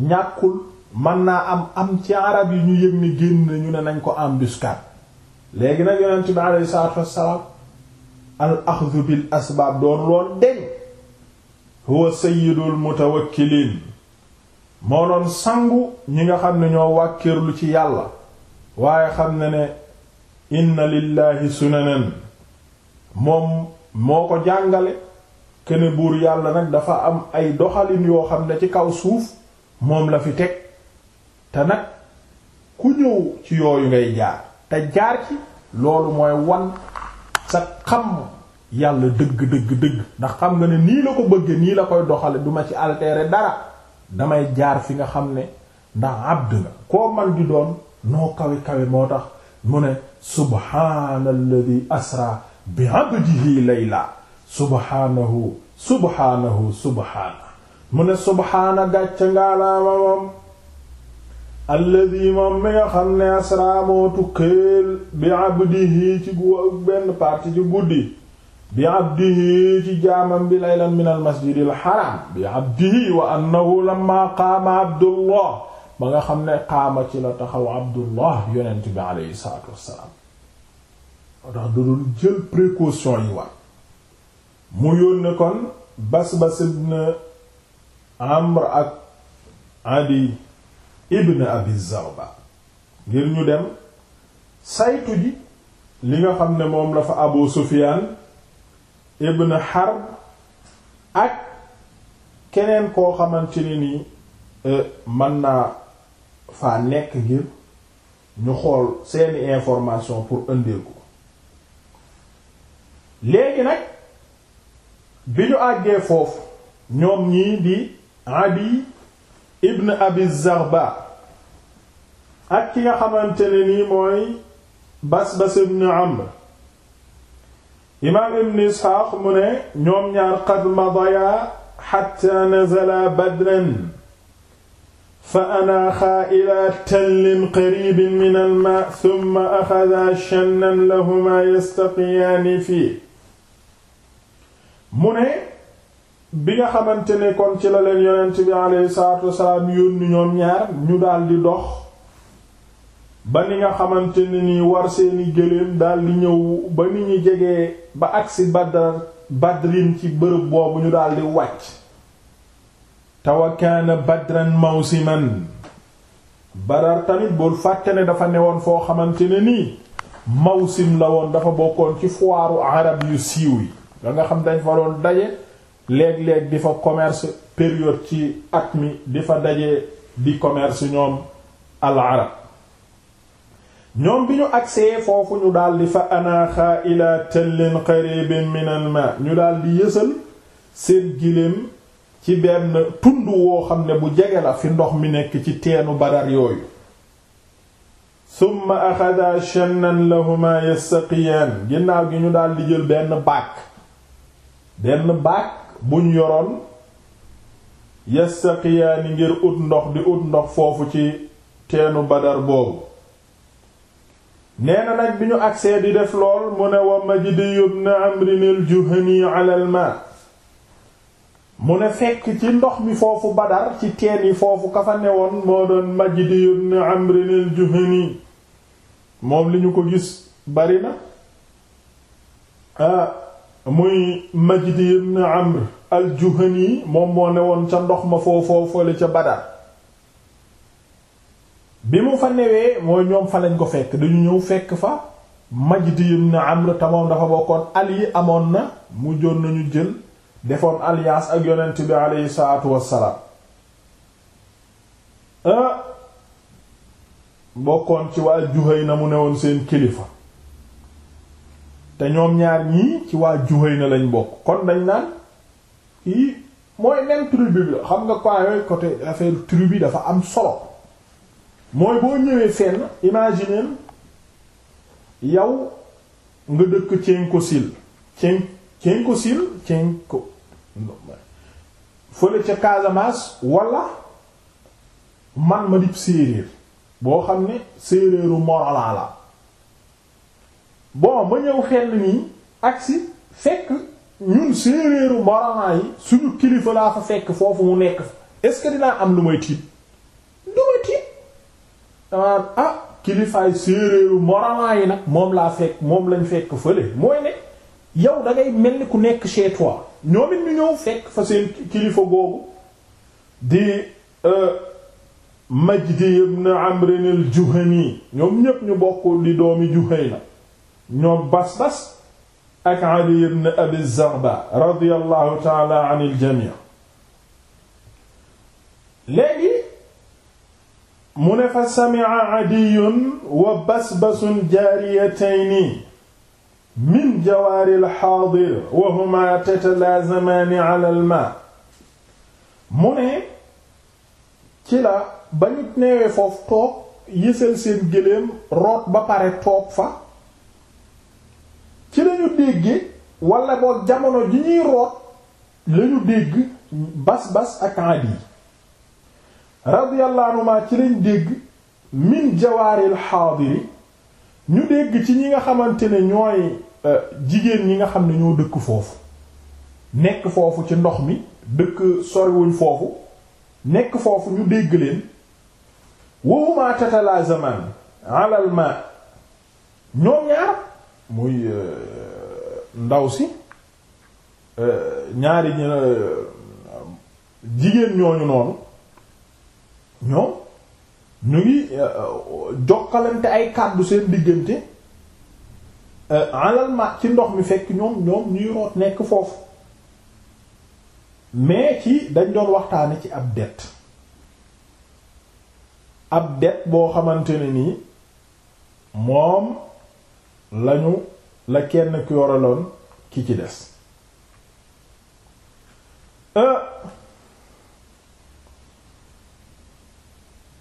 ñàkkul mën naa am am ci arab yi ñu yëg ne génn ñu ne nañ ko embuscade léegi nag yonent bi alayhi salaatu wassalaam al axdu bil asbaab doon lool deñ huwa sayyidul mutawakkiliin moo doon sangu ñi nga xam ne ñoo lu ci yàlla waaye xam na ne inna lillahi sunanan moom moo ko jàngale kene buur yàlla nag dafa am ay doxalin yoo xam ne ci kaw suuf moom la fi teg te nag ku ñëw ci yooyu ngay jaar te jaar ci loolu mooy wan sa xam yàlla dëgg dëgg dëgg ndax xam nga ne nii la ko bëggee nii la koy doxale duma ci alteere dara damay jaar fi nga xam ne ndax abd nga koo man di doon noo kawe-kawe moo tax mu ne asra bi abdihi layla subhaanahu subhaanahu subhaana mu ne subhaana gàcc ngaalaama moom mi nga asra moo tukkeel bi abdihi ci guddi bi abdihi ci bi laylan min al masjidil haram bi abdihi wa annahu lamma qaama abdullah ba nga xam ne xaama ci la taxaw abdullah yonent bi aleyhi salaatu wassalaam moo tax du dul jël précaution yi war mu yónne kon basbas ibn amr ak adi ibn abi zarba ngir ñu dem saytu ji li nga xam ne moom la fa abu sufiyaan ibn harb ak keneen koo xamante ne nii euh, man naa faa nekk ngir ñu xool seeni information pour ëndeel ko léegi nag bi ñu àggee foofu ñoom ñii di Adi ibn Abi ak ki nga xamantane nii mooy Basbas ibn Amr imaam ibn Isxaaq mu ne ñoom ñaar qad madaya hatta nazala Badran fa anaaxaa ilaa tallin qariibin min almaa thumma axadaa shannan lahumaa yastaqiyaani fii mu ne bi nga xamante kon ci la leen yonent bi aleyhi salaatu wasalaam yónni ñoom ñaar ñu daldi dox ba ni nga xamante ne ni war seeni gëléem daldi ñëw ba ni ñu jege ba agsi Badr Badrin ci bërëb boobu ñu daldi wàcc tawakaana badran mawsiman badar tamit bul fàtte dafa newoon foo xamante ne nii mawsim la woon dafa bokkoon ci foiru arab yu siiw yi da nga xam dañ fa doon daje léeg-léeg di fa commerce période ci at mi di fa daje di commerce ñoom al arab ñoom bi ñu agsee foofu ñu daal di fa anaaxa ila tëllin qaribin min ma ñu daal di yësal seen giléem ci benn tund woo xam ne bu jege la fi ndox mi nekk ci teenu badar yooyu summa axada shannan lahuma yastaqiyaan ginnaaw gi ñu daal di jël benn baak benn baak buñ yoroon yi ngir ut ndox di ut ndox foofu ci teenu badar boobu nee nag bi ñu agsee di def lool mu ne wa majdi ibn amrin al-juhani ala al-ma mu ne fekk ci ndox mi foofu Badar ci teen yi foofu ka fa newoon moo doon Majd ibn Amr al-Juhani moom li ñu ko gis bari na ah, muy Majd ibn Amr al-Juhani ca ndox ma foofoo fële ca Badar bi mu fa newee mooy ñoom fa lañ ko fekk dañu ñëw fekk fa Majd ibn Amr tamoom dafa bokkoon al yi amoon na mu joon nañu jël defoon alliance ak yonent bi aleyhi salaatu wassalaam ah, bokkoon ci waa na mu newoon seen kilifa te ñoom ñaar ñii ci waa Juhayna lañ bokk kon dañ naan kii mooy même tribu bi xam nga quoi yooyu côté affaire tribu dafa am solo mooy boo ñëwee fenn imaginer yow nga dëkk ko Cen Cenkosil Cenko fële ca Casamance wala man ma dib séeréer boo xam ne séeréeru morolaa la bon ma ñëw xel nii agsi fekk ñun séeréeru morolaa yi suñu kilifa laa fa fekk foofu mu nekk fa est-ce que dinaa am lu may tiit du ma tiit ah kilifaay séeréeru morolaa yi nag moom laa fekk moom lañ fekk fële mooy ne yow da mel ni ku nekk chez toi ñoom it ñu ñëw fekk fa seen kilifa googu di euh, Majdi ibn Amr al-Juhani ñoom ñépp ñu bokk di doomi Juhayna ñoom Basbas ak Ali ibn Abi Zarba radiyallahu ta'ala anil jami' léegi mu ne fa sami'a Adiyyun wa Basbasun jaariyatayni min jawaari alxaadir wa huma tatalaazamaani ala almaa mu ne ci la ba ñu neewee foofu toog yësal seen gëléem root ba pare toog fa ci lañu dégg wala boog jamono ji ñuy root lañu dégg bas-bas ak àddi radiyallahu anhuma ci lañ dégg min jawaari alxaadiri ñu dégg ci ñi nga xamante ne ñooy Euh, jigéen ñi nga xam ne ñoo dëkk foofu nekk foofu ci ndox mi dëkk soriwuñ foofu nekk foofu ñu dégg leen wahuma tatalazaman ala al ma ñoom ñaar muy euh, ndaw si euh, ñaari jigéen ñooñu noonu ñoom ñu ngi jokkalante ay kàddu seen diggante Euh, alal ma ci ndox mi fekk ñoom ñoom ñuy root nekk foofu mais ci dañ doon waxtaane ci ab det ab det boo xamante ne nii moom lañu la kenn ki waraloon ki ci des euh,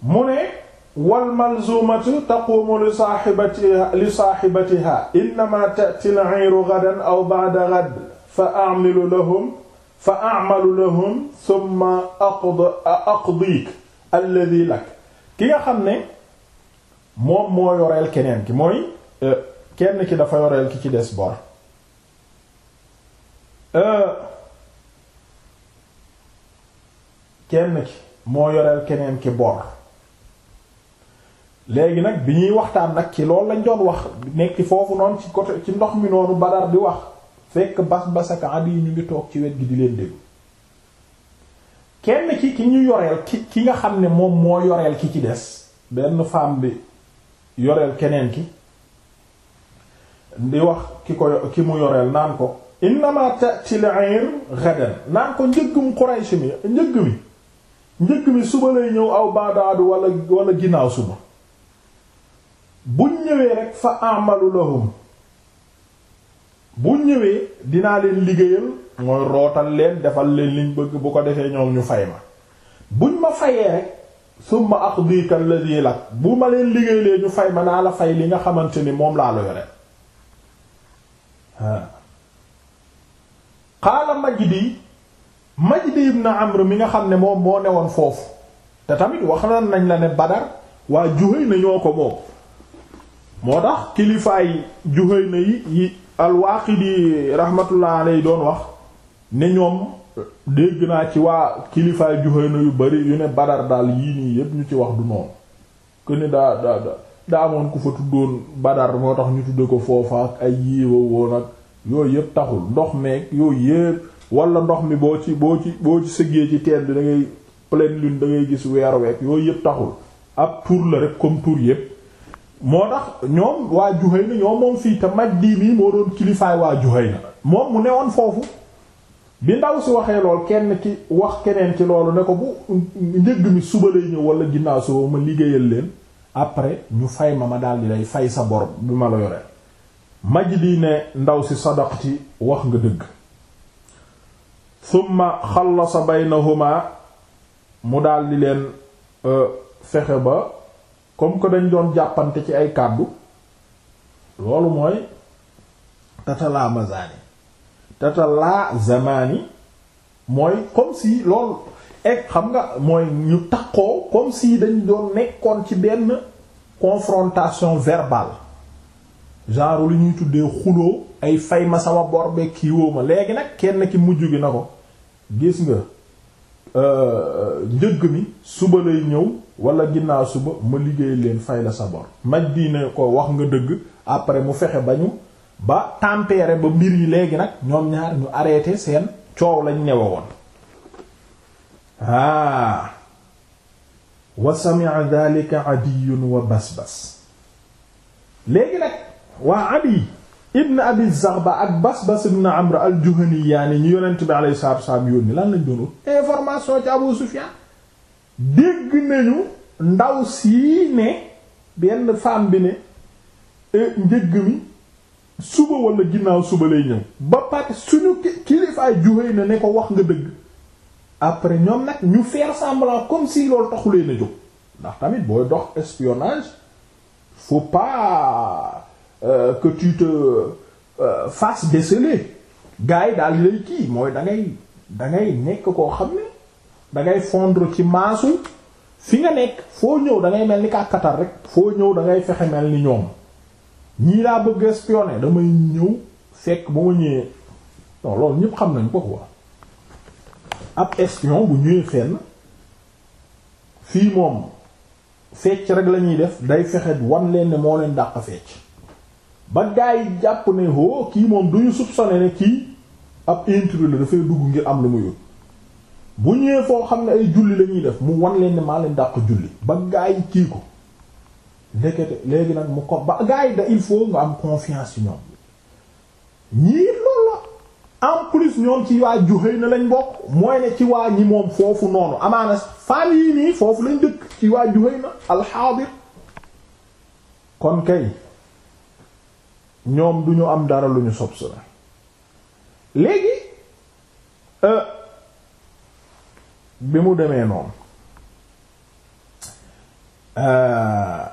mu ne wal malzuumatu taquumu li saaxibatiha li saaxibatiha innamaa ta'til 'ayru gadan aw ba'da gad fa a'malu lahum fa a'malu lahum thumma aqdiik alladhii lak ki nga xam ne moom moo yoreel keneen ki mooy e, kenn ki dafa yoreel ki ci des bor e, kenn ki moo yoreel keneen ki bor léegi nag bi ñuy waxtaan nag ci loolu lañ doon wax nekk foofu noonu ci côté ci ndox mi noonu Badar di wax fekk bas basaka at yi ñu ngi toog ci wet gi di leen déglu kenn ki ki ñu yoreel ki ki nga xam ne moom moo yoreel ki ci des benn femme bi yoreel keneen ki di wax ki ko ki mu yoreel naan ko innama ta'ti al-'ayr ghadan naan ko njëggum Quraysh mi njëgg mi njëgg mi suba lay ñëw aw baadaadu wala wala ginnaaw suba buñ ñëwee rek fa amalu lahum buñ ñëwee dinaa leen liggéeyal mooy rootal leen defal leen liñ bëgg bu ko defee ñoom ñu fay ma buñ ma fayee rek summa aqdika alladhi lak bu ma leen liggéeyalee ñu fay ma naa la fay li nga xamante ni moom laa la yore xaala Majdi Majdi ibn Amr mi nga xam ne moom moo woon foofu te tamit wax nañ la ne Badar waa Juhayna ñoo ko moom moo tax kilifaay Juhayna yi yi al-Waaqidi rahmatullah alayhi doon wax ne ñoom dégg naa ci waa kilifaay Juhayna yu bari yu ne Badar daal yii nii yépp ñu ci wax du noonu que ne daa daa daa ku fa tuddoon Badar moo tax ñu tudde ko foofa ak ay yiiwa woon ak yooyu yépp taxul ndox meeg yooyu yépp wala ndox mi boo ci boo ci boo ci sëggee ci teel bi dangay ngay pleine da ngay gis weer weeg yooyu yépp taxul ab tur la rek comme tur yépp moo tax ñoom waa Juhayna ñoom moom fii te Majdi mii moo doon kilifaay waa Juhayna moom mu newoon foofu bi ndaw si waxee lool kenn ci wax keneen ci loolu ne ko bu njëgg mi suba lay ñëw wala ginnaaw suba ma liggéeyal leen après ñu fay ma ma daal di lay fay sa bor bi ma la yoree di ne ndaw si ci wax nga dëgg thumma xallasa baynahuma mu daal di leen euh, fexe ba comme que dañ doon jàppante ci ay kàddu loolu mooy tatalaa mazani tatalaa zamani mooy comme si loolu ek eh, xam nga mooy ñu takkoo comme si dañ doon nekkoon ci benn confrontation verbale genre lu ñuy tuddee xuloo ay fay ma sama bor be ma léegi nag kenn ki mujj gi na ko gis nga euh, njëgg mi suba lay ñëw wala ginnaaw suba ma liggéey leen fay la sa bor maj diine ko wax nga dëgg après mu fexe bañu ba tempérer ba mbir yi léegi nag ñoom ñaar ñu arrêté seen coow lañu newe woon aa ah. wa a dhalika Adiy wa Basbas léegi nag waa Adiy ibn Abi Zaghba ak Basbas ibn Amr al-Juhani yaani ñu yonent bi alayhi salaatu wa salaam yónni lan lañ doon information ci Abu Sufyan dégg nañu ndaw sii ne benn femme bi ne eh, njëgg mi suba wala ginnaaw suba lay ñëw ba pare suñu kilifaay juwee na ne ko wax nga dëgg après ñoom nag ñu feer semblant comme si loolu taxulee na jóg ndax tamit booy dox espionnage faut pas euh, que tu te euh, fasses gars yi daal lay kii mooy da ngay da nekk koo xam ne da ngay fondre ci maasu fi nga nekk foo ñëw dangay mel ni kàkkatar rek foo ñëw dangay fexe mel ni ñoom ñii laa bëgg espionner damay ñëw fekk ba ma ñëwee loolu ñëpp xam nañ ko quoi ab espion bu ñëwee fenn fii moom fecc rek lañuy def day fexe wan leen ne moo leen dàq fecc ba gaa jàpp ne oh kii moom duñu soupçonner ne kii ab intrus la dafay dugg ngir am lu mu yóbbu. bu ñëwee foo xam ne ay julli lañuy def mu wan leen ne maa leen dàq julli ba gaa yi kii ko ndekete léegi nag mu ko ba gaa yi da il faut nga am confiance ci ñoom ñii loolu en plus ñoom ci waa Juhayna lañ bokk mooy ne ci waa ñi moom foofu noonu amaana faam yii nii foofu lañ dëkk ci waa Juhayna alxaadir kon kay ñoom du ñu am dara lu ñu sob léegi euh, bi mu demee noonu euh,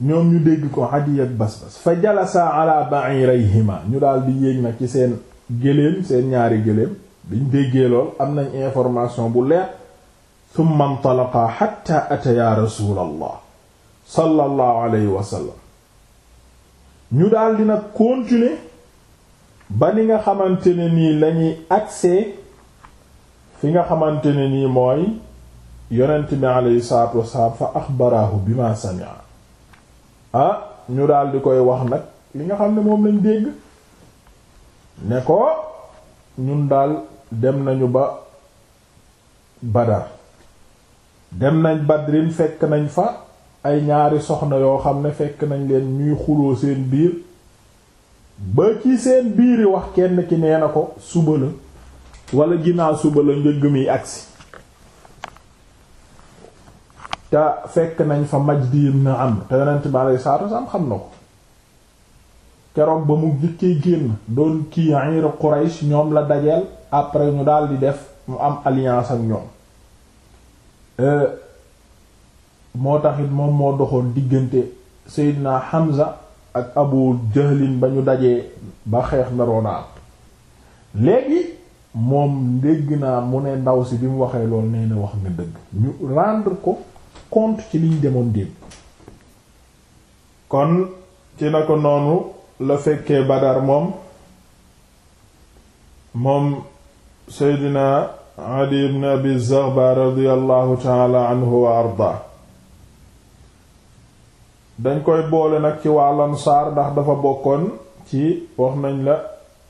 ñoom ñu dégg ko Adiy ak Basbas fa jalasa ala ba'irayhima ñu daal di yéeg nag ci seen géléem seen ñaari géléem biñ déggee lool am nañ information bu leer thumma intalaqa hatta ataya rasulallah sallallahu alayhi wa ñu daal di continuer ba ni nga xamante ne nii lañuy accès fi nga xamante ne nii mooy yonent bi alayhi salaatu wasalaam fa axbarahu bima sami'a ah ñu daal di koy wax nag li nga xam ne moom lañ dégg ne ko ñun daal dem nañu ba Badar dem nañ Badrin fekk nañ fa ay ñaari soxna yoo xam ne fekk nañ leen ñuy xuloo seen biir ba ci seen biiri wax kenn ki nee na ko suba la wala ginnaaw suba la njëgg mi agsi te fekk nañ fa Majdi ibn Amr te yonent bi xam na ko keroog ba mu njëkkee génn doon kii Ayr ñoom la dajeel après ñu daal di def mu am alliance ak ñoom euh, moo taxit moom moo doxoon diggante Seydina Hamza ak Abu Jahlin ba ñu dajee ba xeex naroon a léegi moom dégg naa mu ne ndaw si bi mu waxee lool nee wax nga dëgg ñu rendre ko compte ci liñ demoon démb kon ci na ko noonu la fekkee Badar moom moom Seydina Adi ibn Abi Zaghba radiyallahu anhu wa arda dañ koy boole nag ci waa Ansaar ndax dafa bokkoon ci wax nañ la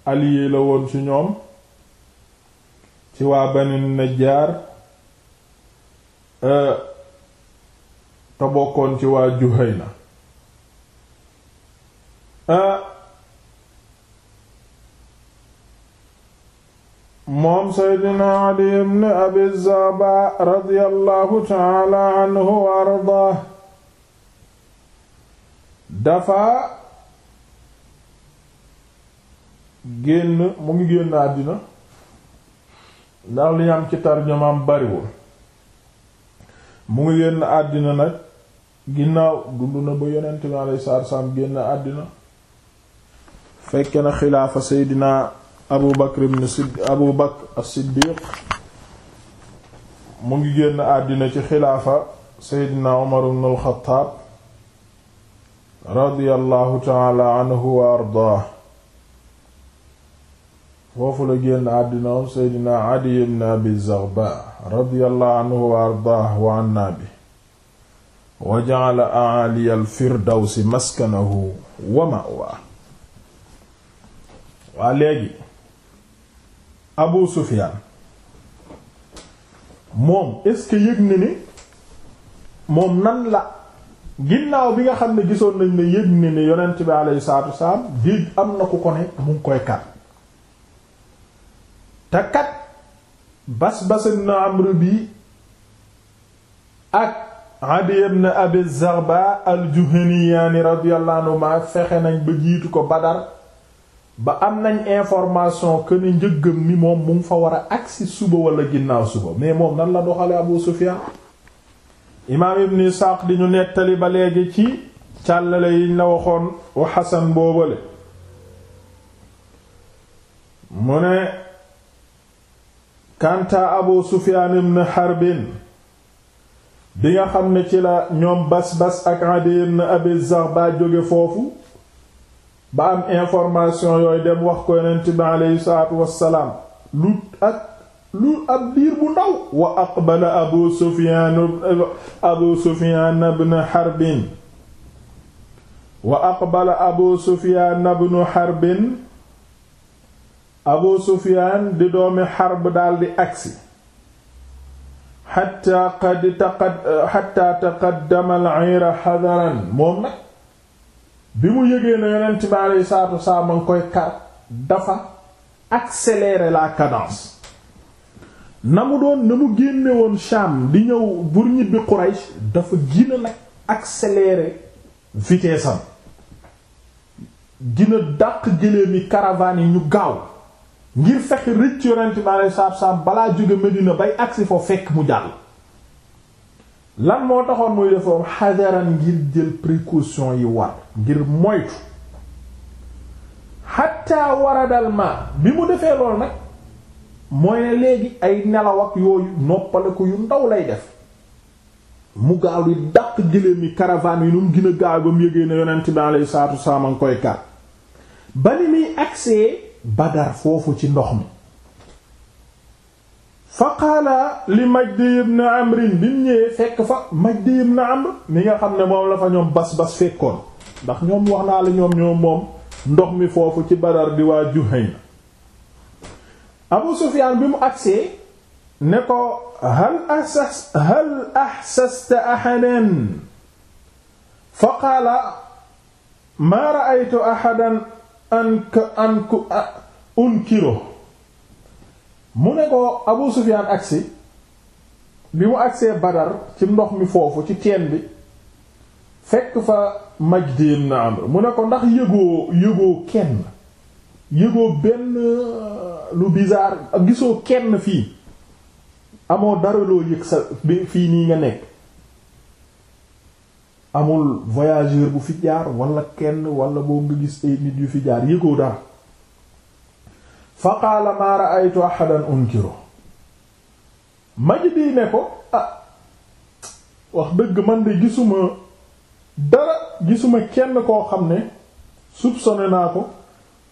allié la woon ci ñoom ci waa Banu Najjaar euh, te bokkoon ci waa Juhayna euh, moom Seydina Ali ibn Abi Zaaba radiyallahu anhu ardaa dafa génn mu ngi génn àddina ndax li am ci tarjumaam bariwul mu ngi génn àddina nag ginnaaw dund na ba yonent bi alayhi salaatu salaam génn àddina fekk na xilaafa seydina abu bakr ibn sid mu ngi génn àddina ci xilaafa seydina umar ibn al-xattaab radiyallahu ta'ala anhu wa ardaah foofu la génn àddina seydina Adiy ibn Abi Zaghba radiyallahu anhu wa ardaahu wa anna bi wa ja'ala a'aliya al-firdawsi maskanahu wa ma'waa waa léegi Abu Sufyaan moom est yëg na ni moom nan la ginnaaw bi nga xam ne gisoon nañ ne yëg na ni yonent bi alayhi salaatu salaam dégg am na ku ko ne mu koy kat te kat Basbas ibn Amr bi ak Adi ibn Abi Zarba al-Juhaniyaani radiyallahu anhuma fexe nañ ba jiitu ko Badar ba am nañ information que ni njëggam mi moom mu fa war agsi suba wala ginnaaw suba mais moom nan la doxale Abu Sufyaan imaam ibn Isaaq di ñu nettali ba léegi ci càllale yiñ la waxoon wa Hasan boobale mu ne kanta abu sufiyaan harbin bi nga xam ne ci la ñoom bas-bas ak adi ibn abi zarba jóge foofu ba am information yooyu dem wax ko yonent bi aleyhi salaatu wassalaam lu ak lu ab diir bu ndaw wa aqbala abu sufiyaan abu sufiyaan harbin abu sufiyaan di doomi xarb daldi agsi xatta qad taqad xatta taqaddama moom nag bi mu yëgee na yonent bi alayhi salaatu wasalaam a koy kar dafa accélérer la cadence na mu doon na mu génne woon di ñëw bur ñibbi Quraysh dafa gina nag accélérer vitesse am gina dàq gëléemi caravane yi ñu gaaw ngir fexe rëcc yonent bi alei saatu balaa jóge Medina bay agsi foofu fekk mu jàll lan moo taxoon muy defoom xadaran ngir jël précaution yi war ngir moytu xatta waradal ma bi mu defee lool nag mooy ne léegi ay nelaw ak yooyu noppale yu ndaw lay def mu gaaw di dàq gëléem yi caravane yi nu mu gën a gaaw ba mu yëgee ne yonent bi alei salatu salaam koy kar ba ni muy agsee badar foofu ci ndox mi fa qaala li Majdi ibn Amr bi mu ñëwee fekk fa Majdi ibn Amr mi nga xam ne moom la fa ñoom bas bas fekkoon ndax ñoom wax naa la ñoom ñoom moom ndox mi foofu ci badar di waa Juhayna Abu Sufyaan bi mu agsee ne ko hal ahsas hal ahsasta ahadan fa qaala maa ra'aytu ahadan anka anku mu ne ko Abu Sufyaan agsi bi mu agsee Badar ci ndox mi foofu ci teen bi fekk fa Majdi ibn Amr mu ne ko ndax yëgoo yëgoo kenn yëgoo benn euh, lu bizarre gisoo kenn fii amoo dara yëg sa bi fii nii nga nekk amul voyageur bu fi jaar wala kenn wala boo gis ay nit yu fi jaar yëgoo dara fa qaala maa ra'aytu ahadan unkiro Majdi ne ko ah wax dëgg man de gisuma dara gisuma kenn koo xam ne soupçonné naa ko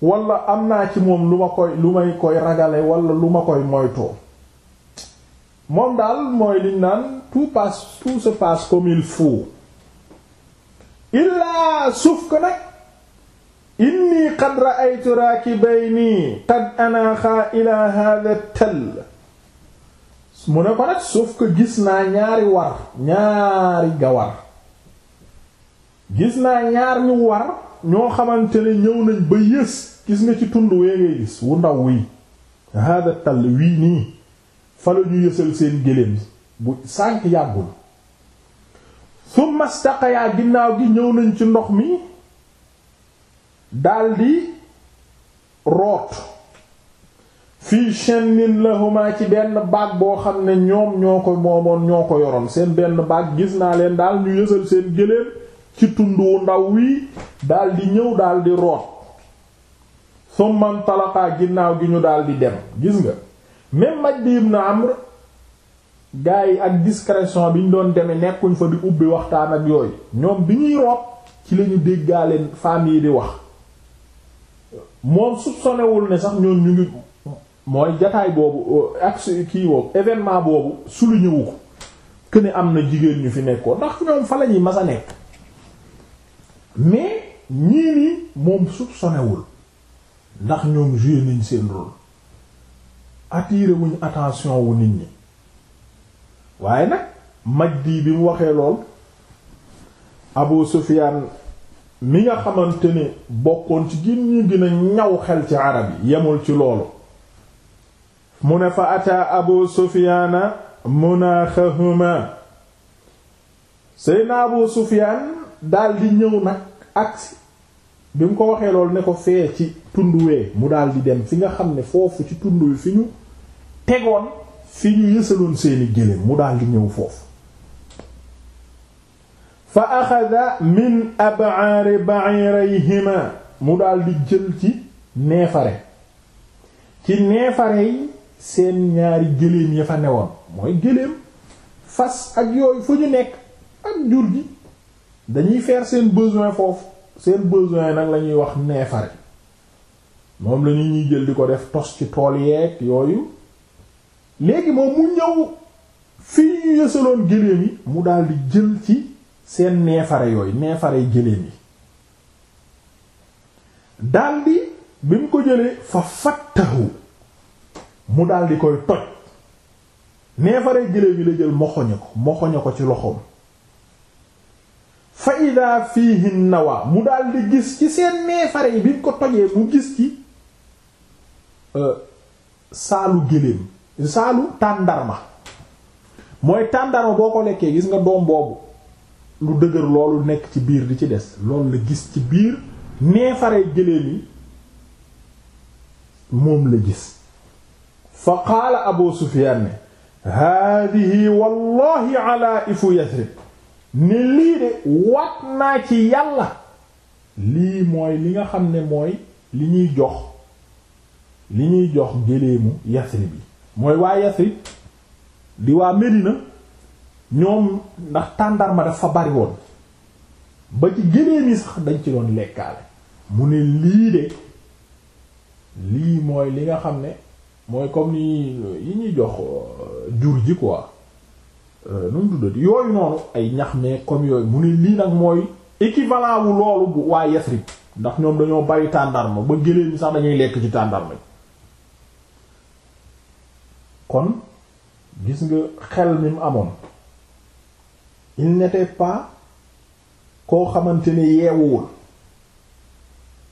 wala am naa ci moom lu ma koy lu may koy ragale walla lu ma koy moytoo moom daal mooy liñ naan tout passe tout se passe comme il illaa suuf ko nag inni qad ra'aytu raakibayni qad anaaxaa ilaa hada tell mu ne ko nag suuf ko gis naa ñaari war ñaari gawar gis naa ñaar ñu war ñoo xamante ne ñëw nañ ba yées gis nga ci tund wee ngay gis wu ndaw wi hada tall wii nii fa la ñu yësal seen géléem bu sànk yàggul summa staqayaa ginnaaw gi ñëw nañ ci ndox mi daldi root fii shennin lahumaa ci benn baag boo xam ne ñoom ñoo ko moomoon ñoo ko yoroon seen benn baag gis naa leen daal ñu yësal seen géléem ci tund wu ndaw wii daldi ñëw daldi root summa ntalaqaa ginnaaw gi ñu daldi dem gis nga même Majdi ibn Amr gaa yi ak discrétion bi ñu doon demee nekkuñ fa di ubbi waxtaan ak yooyu ñoom bi ñuy root ci lañu déggaale femmes yi di wax moom soupçonnéwul ne sax ñoom ñu ngi mooy jataay boobu euh, ak kii boobu événement boobu souligné wu ko que ne am na jigéen ñu fi nekkoon ndax ñoom fa la ñuy mas a nekk mais ñii nii moom soupçonnéwul ndax ñoom joué nañ seen rôle attiré wuñ attention wu nit ñi. waaye nag Majdi bi mu waxee lool Abu Sufyaan mi nga xamante ni bokkoon ci gin ñu gën ñaw xel ci arab yi yemul ci loolu mu ne fa ataa Abu Sufyaana munaaxahuma Seydina Abu Sufyaan daldi ñëw nag agsi bi mu ko waxee lool ne ko fee ci tund wee mu daldi dem fi nga xam ne foofu ci tund wi fi ñu tegoon fi ñu yësaloon seeni géléem mu daal di ñëw foofu fa axada min abaari ba'irayhima mu daldi jël ci neefare ci neefare yi seen ñaari géléem ya fa newoon mooy géléem fas ak yooyu fu ñu nekk ak jur gi dañuy faire seen besoin foofu seen besoin nag lañuy wax neefare moom la ñuy jël di ko def tos ci tool yeeg yooyu léegi moom mu ñëw fii yësaloon géléem yi mu daldi jël ci seen neefare yooyu neefare géléem yi daldi bi mu ko jëlee fa fattahu mu daldi koy toj neefare géléem yi la jël moxoñe ko moxoñe ko ci loxoom fa ida fiihi nawa mu daldi gis ci seen neefare yi bi mu ko tojee mu gis ci euh, saalu géléem saalu tàndarma mooy tàndarma boo ko lekkee gis nga doom boobu lu dëgër loolu nekk ci biir di ci des loolu la gis ci biir neefare gëléem yi moom la gis fa qaala abu sufiyaan ne haadihi wallahi ala ifu yasrib ni lii de wat naa ci yàlla lii mooy li nga xam ne mooy li ñuy jox li ñuy jox gëléemu yasrib yi mooy waaye Yasrib di waa Medina ñoom ndax tàndarma dafa bari woon ba ci génee mi sax dañ ci doon lekkaale mu ne lii de lii mooy li nga xam ne mooy comme ni yi ñuy jox euh, jur ji quoi euh, nu mu tuddati yooyu noonu ay ñax mais comme yooyu mu ne lii nag mooy équivalent wu loolu bu waa Yasrib ndax ñoom dañoo bari tàndarma ba génee mi sax dañuy lekk ci tàndarma kon gis nga xel mi mu amoon il n'était pas koo xamante ni yeewuwul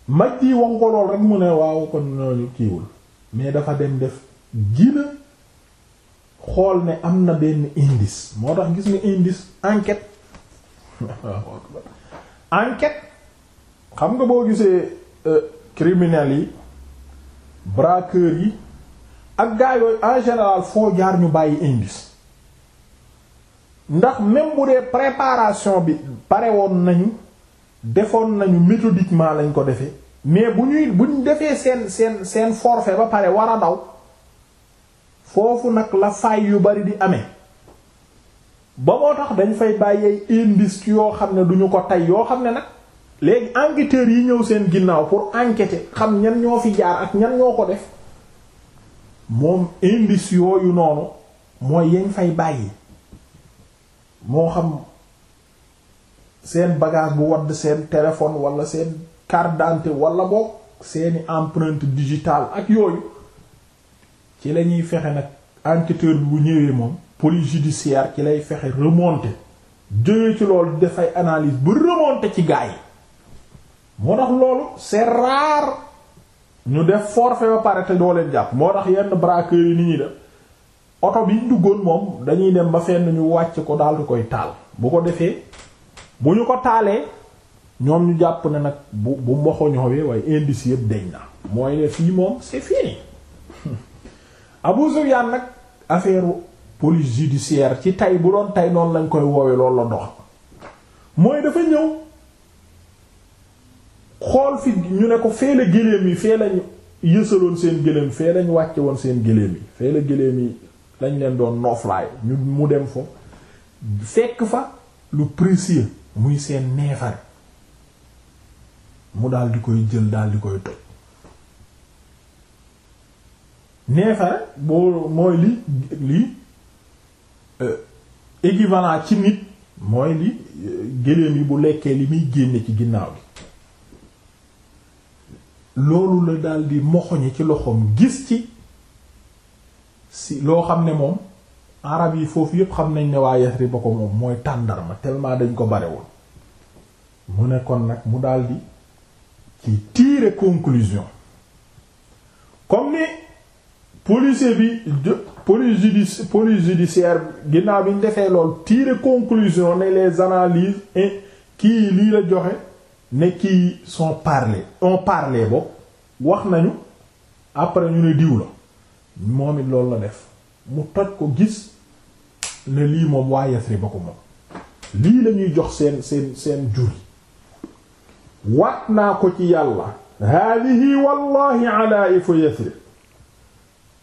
maj yi wangolool rek mu ne waaw kon ñooñu kiiwul mais dafa dem def gina xool ne am na benn indice moo tax gis nga indice enquête enquête xam nga boo gisee euh, criminal yi braqueurs yi ak gaa yooyu en général foo jaar ñu bàyyi indice ndax même bu préparation bi pare woon nañu defoon nañu méthodiquement lañ ko defee mais bu ñuy bu defee seen seen seen forfait ba pare war a daw foofu nag la fay yu bari di amee ba moo tax dañ fay bàyyi indice yoo xam ne duñu ko tey yoo xam ne nag léegi enquêteurs yi ñëw seen ginnaaw pour enquêter xam ñan ñoo fi jaar ak ñan ñoo ko def. moom indice yooyu noonu mooy yañ fay bàyyi moo xam seen bagage bu wadd seen téléphone walla seen carte walla wala seeni empreinte digitale ak yooyu ci la ñuy fexe nag enquêteur bi bu ñëwee moom police judiciaire ci lay fexe remonter jóge ci loolu dafay analyse bu remonter ci gaa yi moo tax loolu c'est rare ñu def forfait ba pare te doo leen jàpp moo tax yenn braqueurs yi ni ñuy def oto bi ñu duggoon moom dañuy dem ba fenn ñu wàcc ko daal di koy taal bu ko defee bu ñu ko taalee ñoom ñu jàpp ne nag bu bu mboxoñoowee waaye indice yëpp deñ na mooy ne fii moom c'est fini Abu Sufyan nag affaire police judiciaire ci tay bu doon tay noonu lañ koy woowe loolu la dox mooy dafa ñëw xool fi ñu ne ko fee la géléem yi fee lañ yësaloon seen géléem fee lañ wàcce woon seen géléem yi fee la géléem lañ leen doon nooflaay ñu mu dem fa fekk fa lu précieux muy seen neefare mu daal di koy jël daal di koy toj neefare boo mooy li li euh, équivalent ci nit mooy li euh, géléem yi bu lekkee li muy génne ci ginnaaw gi loolu la daldi moxoñi ci loxoom gis ci si loo xam ne moom arab yi foofu yépp xam nañ ne waa Yasrib ba ko moom mooy tàndarma tellement dañ ko barewul mu ne kon nag mu daldi ci tirer conclusion comme ni policier bi police judici police judiciaire ginnaaw bi ñu defee lool tirer conclusion ne les analyses et kii lii la joxe ne kii wax nañu après ñu ne diw la moom it loolu la def mu toj ko gis ne lii moom waa Yasrib ba ko moom lii la jox seen seen seen jur yi naa ko ci yàlla haadihi wallahi alaa'ifu Yasrib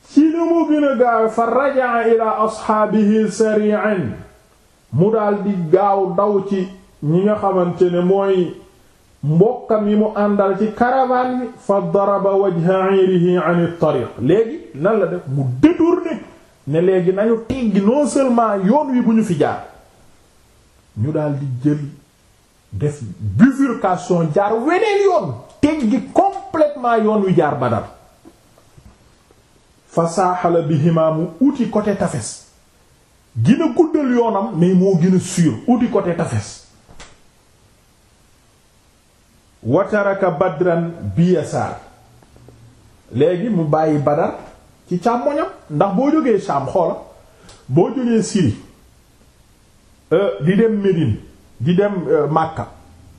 ci ni mu gën gaaw fa rajaa ila ashaabihi sari'an mu daal di gaaw daw ci ñi nga xamante ne mooy mbokkam yi mu àndal ci caravane bi fa daraba wajha irihi an at-tariq léegi nan la def mu détourné ne léegi nañu teggi non seulement yoon wi bu ñu fi jaar ñu daal di jël def bifurcation jaar weneen yoon teggi complètement yoon wi jaar Badar fa saaxala bihima mu uti côté tafes gën a guddal yoonam mais moo gën a sûr uti côté tafes wataraka badran bi yasaar léegi mu bàyyi badar ci càmmoñam ndax boo jógee Sham xoola boo jógee Syrie euh, di dem Médine di dem euh, Makka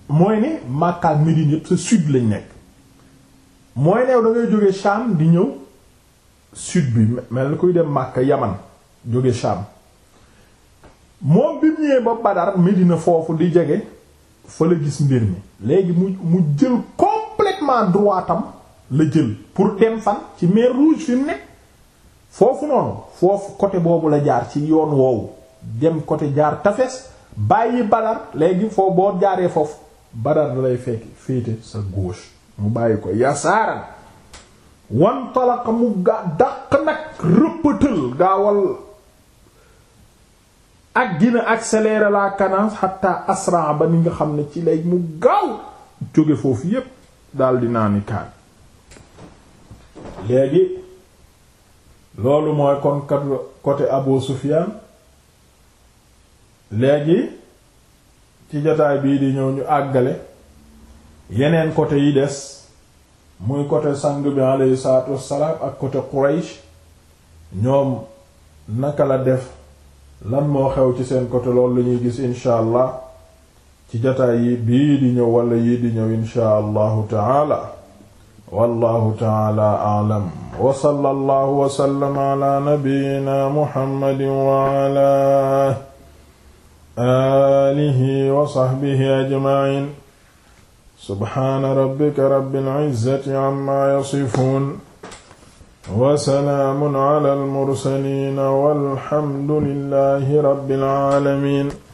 mooy ne Makka ak yépp sa sud lañ nekk mooy ne da ngay jóge Sham di ñëw sud bi mel ni kuy dem Makka Yaman jóge Sham moom bi mu ñëwee ba Badar Médina foofu di jege fa la gis mbir mi léegi mu mu jël complètement droitam la jël pour dem fan ci mer rouge fi ne foofu noonu foofu côté boobu la jaar ci yoon woowu dem côté jaar tafes bàyyi badar léegi foo boo jaaree foofu badar da lay fekk féete sa gauche mu bàyyi ko yasaaran wan mu ga nag rëppatal gaawal ak dina accélérer la cadence hatta asra ba ni nga xam ne ci lay mu gaaw jóge foofu yépp daal di naa ni kaan léegi loolu mooy kon kat côté Abu Sufyan léegi ci jotaay bii di ñëw ñu àggale yeneen côté yi des muy côté sang bi alayhi salaatu ak côté Quraysh ñoom naka la def lan moo xew ci seen côté loolu la ñuy gis incha allah ci jataay yi bii di ñëw wala yii di ñëw incha allahu taala wallahu taala a'lam wa sallallahu wa sallama ala nabiyyina muhammadin wa ala alihi wa sahbihi ajma'in subhana rabbika rabbil izzati amma yasifun wasalaamun ala almursaliin walhamdulillahi rabbil aalamiin